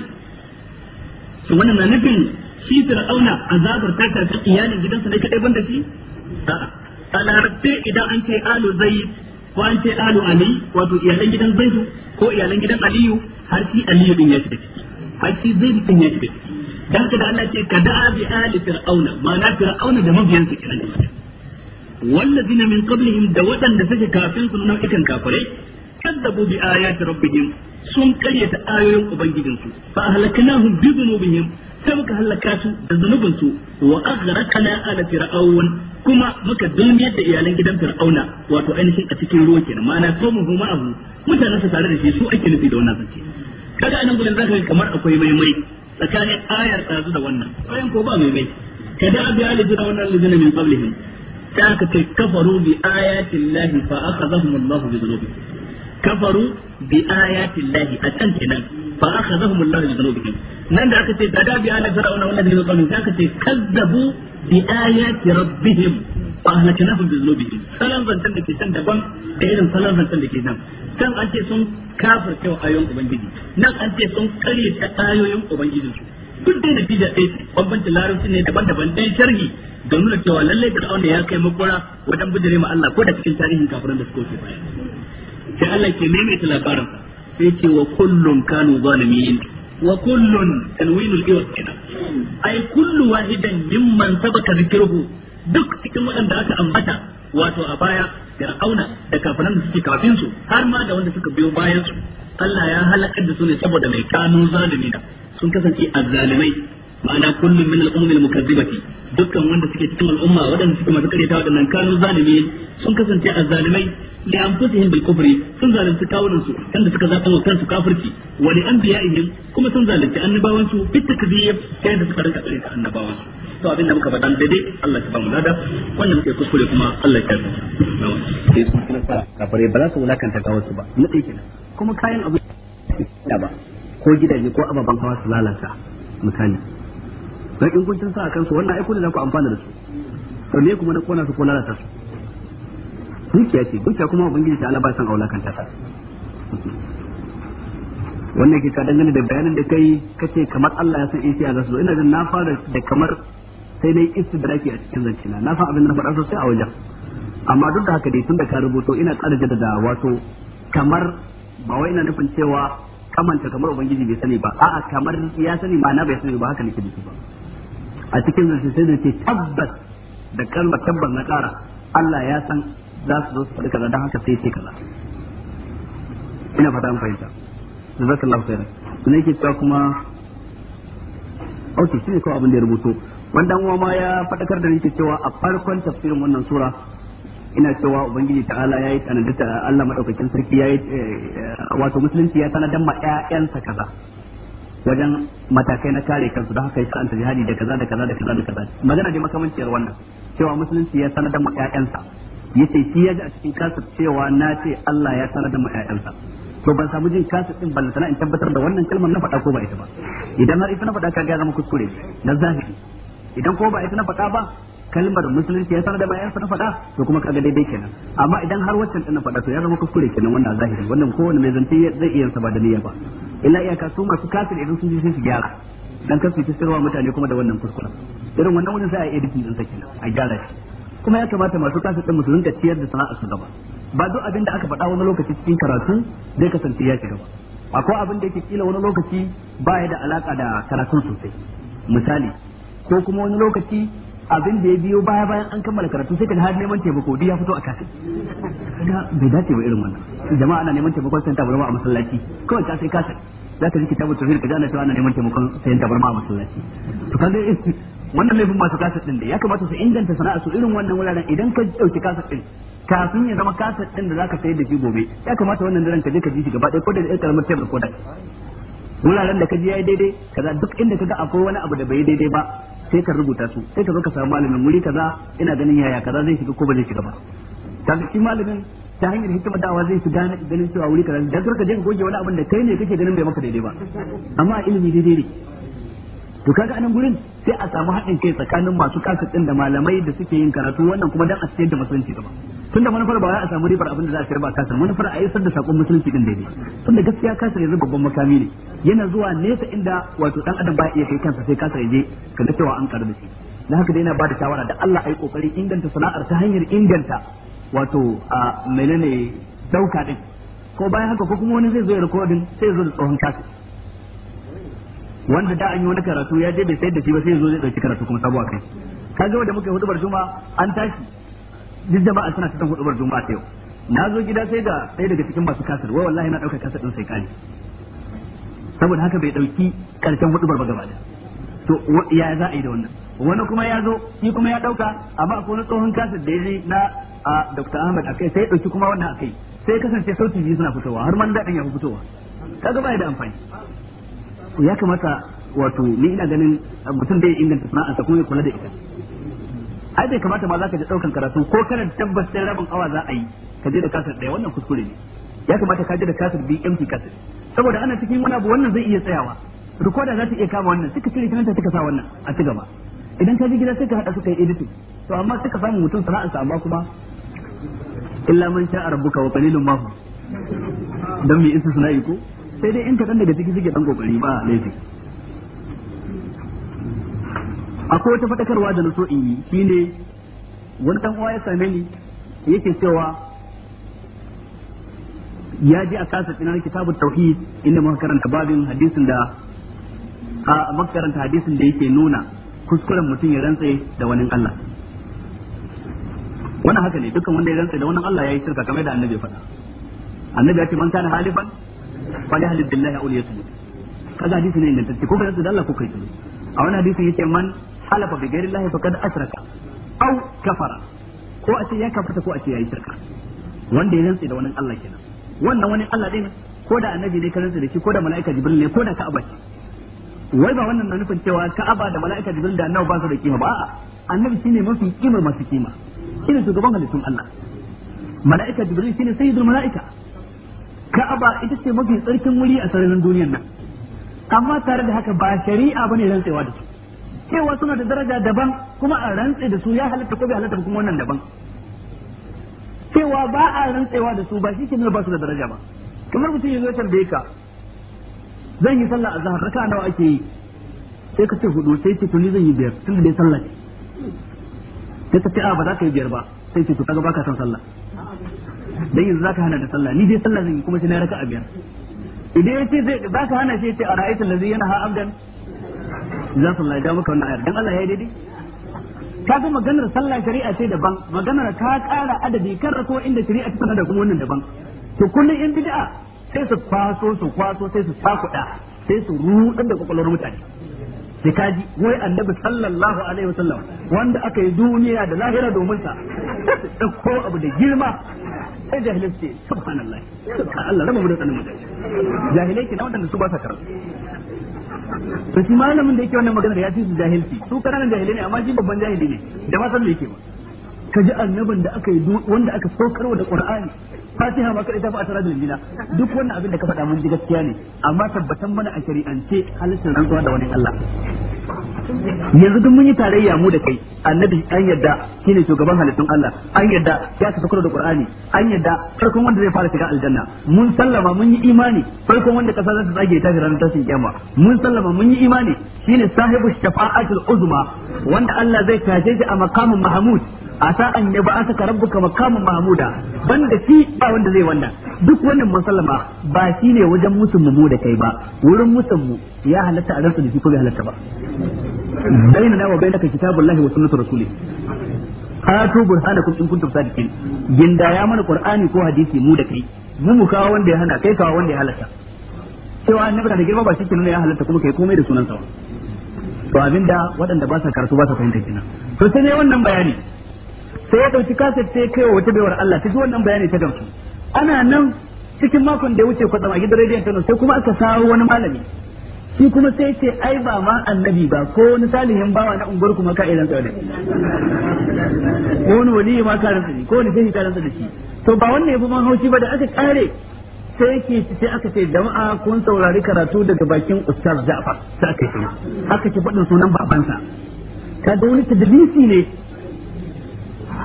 to wannan na nufin shi fir'auna azabar ta shafi iyalin gidansa ne kadai banda shi a larabce idan an ce alu zai ko an ce alu ali wato iyalan gidan zaidu ko iyalan gidan aliyu har shi aliyu din ya shiga ciki har shi zaidu din ya shiga ciki dan ka da Allah ce ka da bi ali fir'auna ma'ana fir'auna da mabiyansa kenan wallazina min qablihim da waɗanda suke kafin su ikan kafare kaddabu bi ayati rabbihim sun karyata ayoyin ubangijinsu fa halakanahum bi dhunubihim sai muka halaka su da zunubin su wa aghraqna ala fir'aun kuma muka dulmiyar da iyalan gidan fir'auna wato ainihin a cikin ruwa kenan ma'ana mu huma abu mutanen su tare da shi su ake nufi da wannan zance kaga anan gudan zaka kamar akwai maimai tsakanin ayar tsazu da wannan bayan ko ba mai mai kada abi alijina wannan alijina min qablihim ta ka kai kafaru bi ayatin lahi fa akhadhahum Allah bi dhunubihim kafaru bi ayatin lahi a can kenan fa akhadhahum Allah bi dhunubihim nan da aka ce da da bi ala fir'auna wal ladina qalu da aka ce kazzabu bi ayati rabbihim fa ahlaknahum bi dhunubihim salan zantan da ke san daban da irin salan zantan da ke nan can an ce sun kafir cewa ayoyin ubangiji nan an ce sun karye ta ayoyin ubangijin su duk dai natija ɗaya ce bambancin larabci ne daban-daban dai sharhi da nuna cewa lallai fir'auna ya kai makura wajen bijire ma Allah ko da cikin tarihin kafirin da suka wuce baya sai Allah ke maimaita labarin sai ce wa kullum kanu zalimin wa kullun tanwinul iwas kenan ai kullu wahidan mimman sabaka zikruhu duk cikin waɗanda aka ambata wato a baya fir'auna da kafinan da suke kafin su har ma da wanda suka biyo bayan su Allah ya halakar da su ne saboda mai kanu zalimina sun kasance azzalimai ma'ana kullum min al-ummi al-mukazzibati dukkan wanda suke cikin al'umma waɗanda suke masu karyata wadannan kanu zalimi sun kasance azzalimai li anfusihim bil kufri sun zalunci kawunan su inda suka zaba wa kansu kafirci wa li anbiya'ihim kuma sun zalunci annabawan su bi takdhib sai da suka rinka karyata annabawan su to abin da muka faɗan daidai Allah ya ba mu lada wanda muke kuskure kuma Allah ya tafi kafare ba za su wulakanta wasu ba na ɗaya kenan kuma kayan abu ba ko gidaje ko ababen hawa su lalata misali dan in kun sa akan su wannan ai kullu za ku amfana da su to me kuma na kona su ko lalata su dukiya ce dukiya kuma ubangiji ta Allah ba san aula kan ta wannan ke ka dangane da bayanin da kai kace kamar Allah ya san in sai za su ina jin na fara da kamar sai dai istidraki a cikin zancina na fa abin da faɗa sosai a wajen amma duk da haka dai da ka rubuto ina ƙara jaddada wato kamar ba wai ina nufin cewa kamanta kamar ubangiji bai sani ba a'a kamar ya sani ma na bai sani ba haka nake nufi ba a cikin zance sai da ce tabbas da kalma tabbas na kara Allah ya san za su zo su faɗi kaza don haka sai ce kaza ina fata an fahimta jazakallahu khairan sun yake cewa kuma ok shi ne kawai abin da ya rubuto wanda uwa ma ya faɗakar da ke cewa a farkon tafsirin wannan sura ina cewa ubangiji ta'ala ya yi tanadi ta Allah madaukakin sarki ya yi eh, wato musulunci ya tanadan ma ƴaƴansa kaza wajen matakai na kare kansu da haka yasa sa'anta jihadi da kaza da kaza da kaza da kaza magana ne makamanciyar wannan cewa musulunci ya sanar da mu ƴaƴansa yace shi ya ji a cikin kasar cewa na ce Allah ya sanar da mu ƴaƴansa to ban samu jin kasar din ban sana in tabbatar da wannan kalmar na faɗa ko ba ita ba idan har ita na faɗa ka ga zama kuskure na zahiri idan ko ba ita na faɗa ba kalmar musulunci ya sanar da bayan sana ta faɗa to kuma kaga daidai kenan amma idan har waccan din faɗa to ya zama kuskure kenan wannan zahiri wannan kowane mai zanti zai iya sa ba da niyya ba illa iyaka su masu kafir idan sun ji sai su gyara dan kar su tsirwa mutane kuma da wannan kuskure irin wannan wani sai a yi editing din sa kenan a gyara shi kuma ya kamata masu kafir din da ciyar da sana'a su gaba ba duk abin da aka faɗa wani lokaci cikin karatu zai kasance ya shiga akwai abin da yake kila wani lokaci baya da alaka da karatun sosai misali ko kuma wani lokaci abin da ya biyo baya bayan an kammala karatu sai kaga har neman taimako duk ya fito a kasa bai dace ba irin wannan jama'a ana neman taimakon sayan tabarma a masallaci kawai ka sai kasa zaka ji kitabu tafsir kaga ana cewa ana neman taimakon sayan tabarma a masallaci to kaga eh, wannan laifin masu kasa din da ya kamata su inganta sana'a su irin wannan wuraren idan ka dauki kasa din kafin ya zama kasa din da zaka sayar da shi gobe ya kamata wannan daren ka je ka ji shi gaba ɗaya ko da ɗan karamar tebur ko da wuraren da ka ji yayi daidai kaza duk inda kaga akwai wani abu da bai daidai ba sai ka rubuta su sai ka zo ka samu malamin wuri kaza ina ganin yaya kaza zai shiga ko ba zai shiga ba kaga shi malamin ta hanyar hikima dawa zai shiga gane ganin cewa wuri kaza dan ka je ka goge wani abin da kai ne kake ganin bai maka daidai ba amma ilimi daidai ne to kaga anan gurin sai a samu haɗin kai tsakanin masu kasu din da malamai da suke yin karatu wannan kuma dan a sayar da musulunci gaba tun da manufar ba za a samu ribar abin da za a sayar ba kasar manufar a isar da sakon musulunci din daidai tun da gaskiya kasar yanzu babban makami ne yana zuwa nesa inda wato dan adam baya iya kai kansa sai kasar je ka ga cewa an karbi shi Na haka dai yana ba da shawara da Allah yi kokari inganta sana'ar ta hanyar inganta wato a menene dauka din ko bayan haka ko kuma wani zai zo ya rikodin sai zo da tsohon kasar wanda da an yi wani karatu ya je bai sayar da shi ba sai zo zai dauki karatu kuma sabuwa kai kaga wanda muke hudubar juma an tashi duk jama'a suna cikin hudubar juma'a ta yau na zo gida sai da sai daga cikin masu kasar wai wallahi na dauka kasar din sai kani saboda haka bai dauki karshen hudubar ba gaba to ya za a yi da wannan wani kuma ya zo shi kuma ya dauka amma akwai wani tsohon kasar da ya na a Dr. Ahmad akai sai ya dauki kuma wannan akai sai kasance sautin biyu suna fitowa har man dadin ya fi fitowa kaga ba da amfani ya kamata wato ni ina ganin mutum da ya inganta sana'arsa kuma ya kula da ita ai bai kamata ma zaka ji daukan karatu ko kana tabbas sai rabin awa za a yi ka je da kasar daya wannan kuskure ne ya kamata ka je da kasar bi empty kasar saboda ana cikin wani abu wannan zai iya tsayawa rikoda za ta iya kama wannan suka cire kiranta suka sa wannan a ci gaba idan ka ji gida sai ka hada suka yi editing to amma suka samu mutum sana'arsa amma kuma illa man sha'a rabbuka wa qalilun ma dan me isa sana'i ko sai dai in ka dan daga ciki suke dan kokari ba laifi akwai wata fadakarwa da na so in yi shine wani dan uwa ya same ni yake cewa ya ji a kasa ina kitabun tauhid inda muka karanta babin hadisin da a makaranta hadisin da yake nuna kuskuren mutum ya rantse da wani Allah wannan haka ne dukkan wanda ya rantse da wani Allah ya yi shirka kamar da annabi faɗa annabi ya ce man kana halifan fali halil billahi aw liyasmut kaga hadisi ne ingantacce ko ka rantse da Allah ko kai a wani hadisin yake man halafa bi ghairi Allah faqad ashraka aw kafara ko a ce ya kafirta ko a ce shirka wanda ya da wani Allah kenan wannan wani Allah din ko da annabi ne ka da shi ko da mala'ika jibril ne ko da ka'aba ce wai ba wannan na nufin cewa ka'aba da mala'ika jibril da annabi ba su da kima ba a'a annabi shine mafi kimar masu kima shine shugaban halittun Allah mala'ika jibril shine sayyidul mala'ika ka'aba ita ce mafi tsarkin wuri a sararin duniyar nan amma tare da haka ba shari'a bane rantsewa da su cewa suna da daraja daban kuma a rantse da su ya halatta ko bai halatta kuma wannan daban cewa ba a rantsewa da su ba shi ke ba su da daraja ba kamar mutum ya zo tambaye ka zan yi sallah a zahar raka nawa ake yi sai ka ce hudu sai ce tuni zan yi biyar tun da dai sallah ce sai ka ce a ba za ka yi biyar ba sai ce to kaga baka son sallah dan yanzu zaka hana da sallah ni dai sallah zan yi kuma sai na raka a biyar idan ya ce za ka hana shi ya ce a ra'aitul ladzi yanha amdan za su lai maka wannan ayar dan Allah ya daidai fi maganar sallah shari'a ce daban maganar ka ƙara adadi kan rako inda shari'a ta sanar da kuma wannan daban to kullun in bid'a sai su kwaso su kwaso sai su takuda sai su rudar da kwakwalwar mutane sai kaji wai annabi sallallahu alaihi wasallam wanda aka yi duniya da lahira domin sa ko abu da girma sai jahilai ce subhanallah Allah rama mu da tsanin mutane jahilai ke na wanda su ba sa karatu to shi malamin da yake wannan magana da ya fi su jahilci su kananan jahilai ne amma shi babban jahili ne da ma san da yake ba ka ji annabin da aka yi wanda aka saukarwa da qur'ani fatiha ma kadai ta da jina duk wannan abin da ka faɗa mun ji gaskiya ne amma tabbatan mana a shari'ance halittar rantsuwa da wani Allah yanzu duk mun yi tarayya mu da kai annabi an yadda shine shugaban halittun Allah an yadda ya ka sakura da Qur'ani an yadda farkon wanda zai fara shiga aljanna mun sallama mun yi imani farkon wanda kasa za ta zage ta ranar tashin kiyama mun sallama mun yi imani shine sahibu shafa'atul uzma wanda Allah zai kaje shi a maqamin mahmud asa an ne ba aka rabbuka mahamuda mahmuda da shi ba wanda zai wannan duk wannan musallama ba shi ne wajen musun mu da kai ba wurin musun mu ya halatta a ransa da shi ko bai halatta ba baina na wa bainaka kitabullahi wa sunnatu rasulih hatu burhanakum in kuntum sadiqin ginda ya mana qur'ani ko hadisi mu da kai mu mu kawo wanda ya hana kai kawo wanda ya halatta cewa annabi da girma ba shi kenan ya halatta kuma kai komai da sunan sa to abinda waɗanda ba sa karatu ba sa fahimta kenan to sai ne wannan bayani sai ya dauki kasar sai kai wa wata baiwar Allah ta ji wannan bayani ta dauki. ana nan cikin makon da ya wuce kwatsam a gidan rediyon Kano sai kuma aka sawo wani malami shi kuma sai ce ai ba ma annabi ba ko wani salihin bawa na unguwar kuma ka idan tsare ko wani wali ma ka rantsa ko wani sai ka rantsa da shi to ba wannan fi man haushi ba da aka kare sai yake sai aka ce jama'a kun saurari karatu daga bakin ustaz Ja'far sai aka ce aka ce faɗin sunan babansa da wani tadlisi ne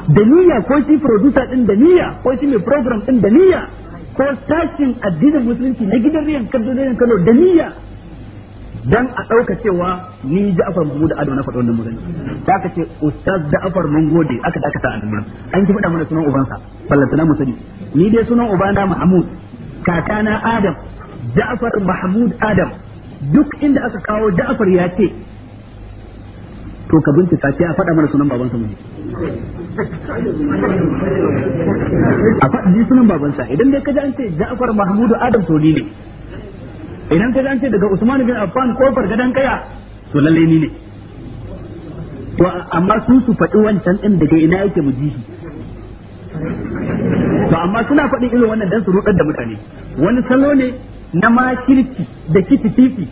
da niyya ko shi producer din da niyya ko shi mai program din da niyya ko tashin addinin musulunci na gidan riyan kaduna Kano da niyya dan a ɗauka cewa ni Ja'far Mahmud Ado na faɗa wannan magana da aka ce ustaz Ja'far mun gode aka da aka a annabi an ji faɗa mana sunan ubansa ballantana mu ni dai sunan ubana Mahmud kakana Adam Ja'far Mahmud Adam duk inda aka kawo Ja'far ya ce to ka bincika sai a faɗa mana sunan babansa mu a faɗi sunan babansa idan dai ji an ce Ja'far Mahmud Adam ni ne idan ji an ce daga Usman bin Affan kofar gadan kaya to lalle ni ne to amma su su faɗi wancan din daga ina yake mu ji to amma suna faɗin irin wannan dan su rudar da mutane wani salo ne na makirci da kitififi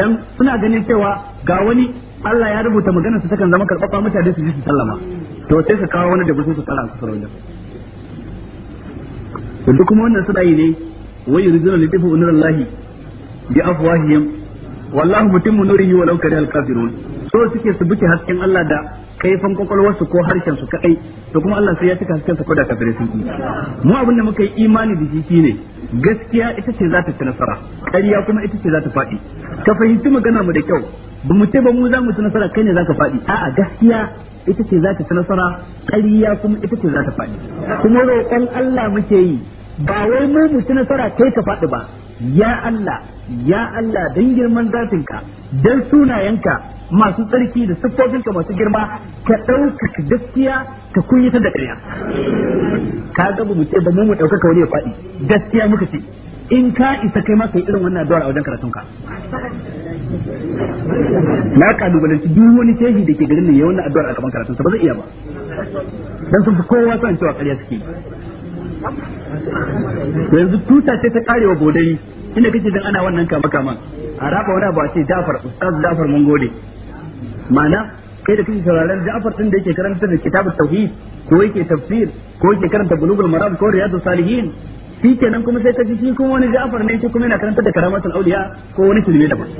dan suna ganin cewa ga wani Allah ya rubuta maganar su takan zama karɓaɓɓa mutane su ji su sallama to sai ka kawo wani da ba su tsara su sarauta da to duk kuma wannan suna ne wai yuriduna li tafu nurallahi bi afwahihim wallahu mutimmu nurihi walau karihal kafirun so suke su buke hasken Allah da kaifin kwakwalwarsu ko harshen su kadai to kuma Allah sai ya cika hasken sa ko da kafirai sun yi mu abin da muka yi imani da shi shine gaskiya ita ce za ta ci nasara Kariya kuma ita ce za ta faɗi ka fahimci maganar mu da kyau ba mu ce ba mu za mu ci nasara kai ne zaka faɗi a'a gaskiya ita ce za ta ci nasara ƙariya kuma ita ce za ta faɗi kuma roƙon Allah muke yi ba wai mu mu ci nasara kai ka faɗi ba ya Allah ya Allah dan girman ka dan sunayenka masu tsarki da siffofinka masu girma ka ɗaukaka gaskiya ka kunyata da ƙarya ka ga mu ce ba mu mu ka wani ya faɗi gaskiya muka ce in ka isa kai ma kai irin wannan addu'ar a wajen karatunka na su duk wani shehi da ke garin ne ya wannan addu'ar a karatun karatunsa ba zai iya ba dan sun fi kowa san cewa ƙarya suke yanzu tuta ce ta karewa bodai inda kake dan ana wannan kama kaman a raba wani abu a ce Jafar Ustaz Jafar mun gode ma'ana kai da kake sauraron Jafar din da yake karanta da kitabut tauhid ko yake tafsir ko yake karanta bulugul maram ko riyadus salihin shi kenan kuma sai ka ji shi kuma wani Jafar ne shi kuma yana karanta da karamatul auliya ko wani tilmi daban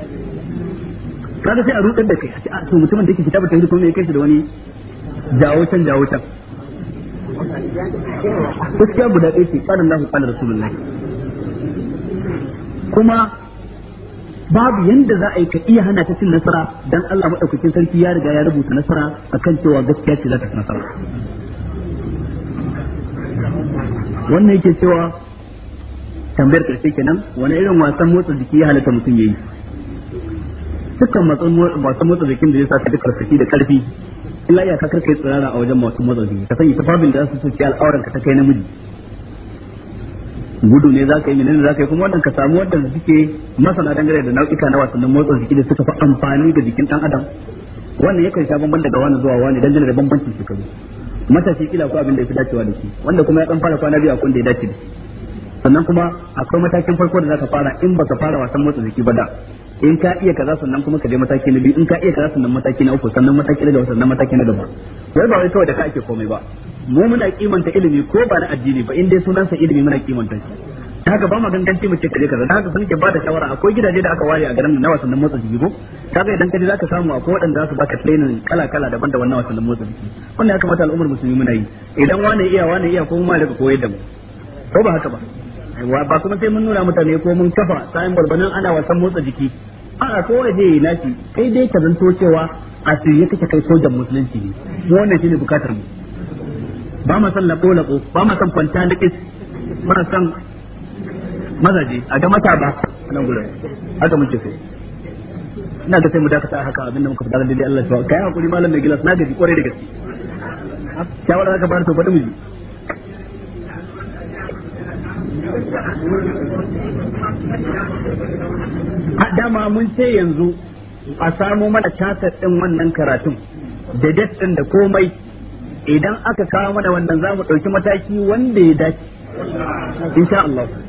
kaga sai a rutsar da kai a ah, to mutumin da yake kitabu ta kuma ya kai shi da wani jawo can jawo can gaskiya guda ɗaya ce qala Allahu qala Rasulullahi kuma babu yanda za a yi ka iya hana ta cin nasara dan Allah madaukakin sarki ya riga ya rubuta nasara akan cewa gaskiya ce za ta ci nasara wannan yake cewa tambayar karshe kenan wani irin wasan motsa jiki ya halatta mutum yayi dukkan masu motsa jikin da ya sa ka ji da karfi illa ya kakar kai tsirara a wajen masu motsa jiki ka sanya tufafin da su soke al'auran ka ta kai namiji gudu ne za ka yi menene za ka yi kuma wannan ka samu wanda suke masana dangare da nau'ika na wasannin motsa jiki da suka fi amfani da jikin dan adam wannan yakan sha bamban daga wani zuwa wani dangane da bambancin shekaru matashi kila ko abin da ya fi dacewa da shi wanda kuma ya dan fara kwana biyu a kun da ya dace sannan kuma akwai matakin farko da zaka fara in baka fara wasan motsa jiki ba da in ka iya kaza sannan kuma ka je mataki na biyu in ka iya kaza sannan mataki na uku sannan mataki na gaba sannan mataki na gaba wai ba wai kawai da ka ake komai ba mu muna kimanta ilimi ko ba na addini ba inda sunan sa ilimi muna kimanta shi haka ba ma ganganci mu ce kaje kaza da haka sun ke bada shawara akwai gidaje da aka ware a garin na wasannin motsa jiki ko ta ga idan kaje zaka samu akwai waɗanda za su baka training kala kala daban da wannan wasannin motsa jiki wannan ya kamata al'ummar musulmi muna yi idan wani iya wani iya ko kuma ya daga koyar da mu ko ba haka ba wa ba kuma sai mun nuna mutane ko mun kafa sayan barbanan ana wasan motsa jiki a'a ko waje na nashi kai dai ka zanto cewa a yake kake kai sojan musulunci ne wannan shine bukatar mu ba ma san lako lako ba ma san kwanta da kis ba ma san mazaje a ga mata ba nan gurin haka muke so ina da sai mu dakata haka da muka fada da Allah ya kai hakuri malam mai gilas na gaji kore da gaske shawara ka bayar to faɗi mu ji dama mun ce yanzu a samu mana tasar ɗin wannan karatun da dattin da komai idan aka kawo mana wannan za mu ɗauki mataki wanda ya dace insha Allah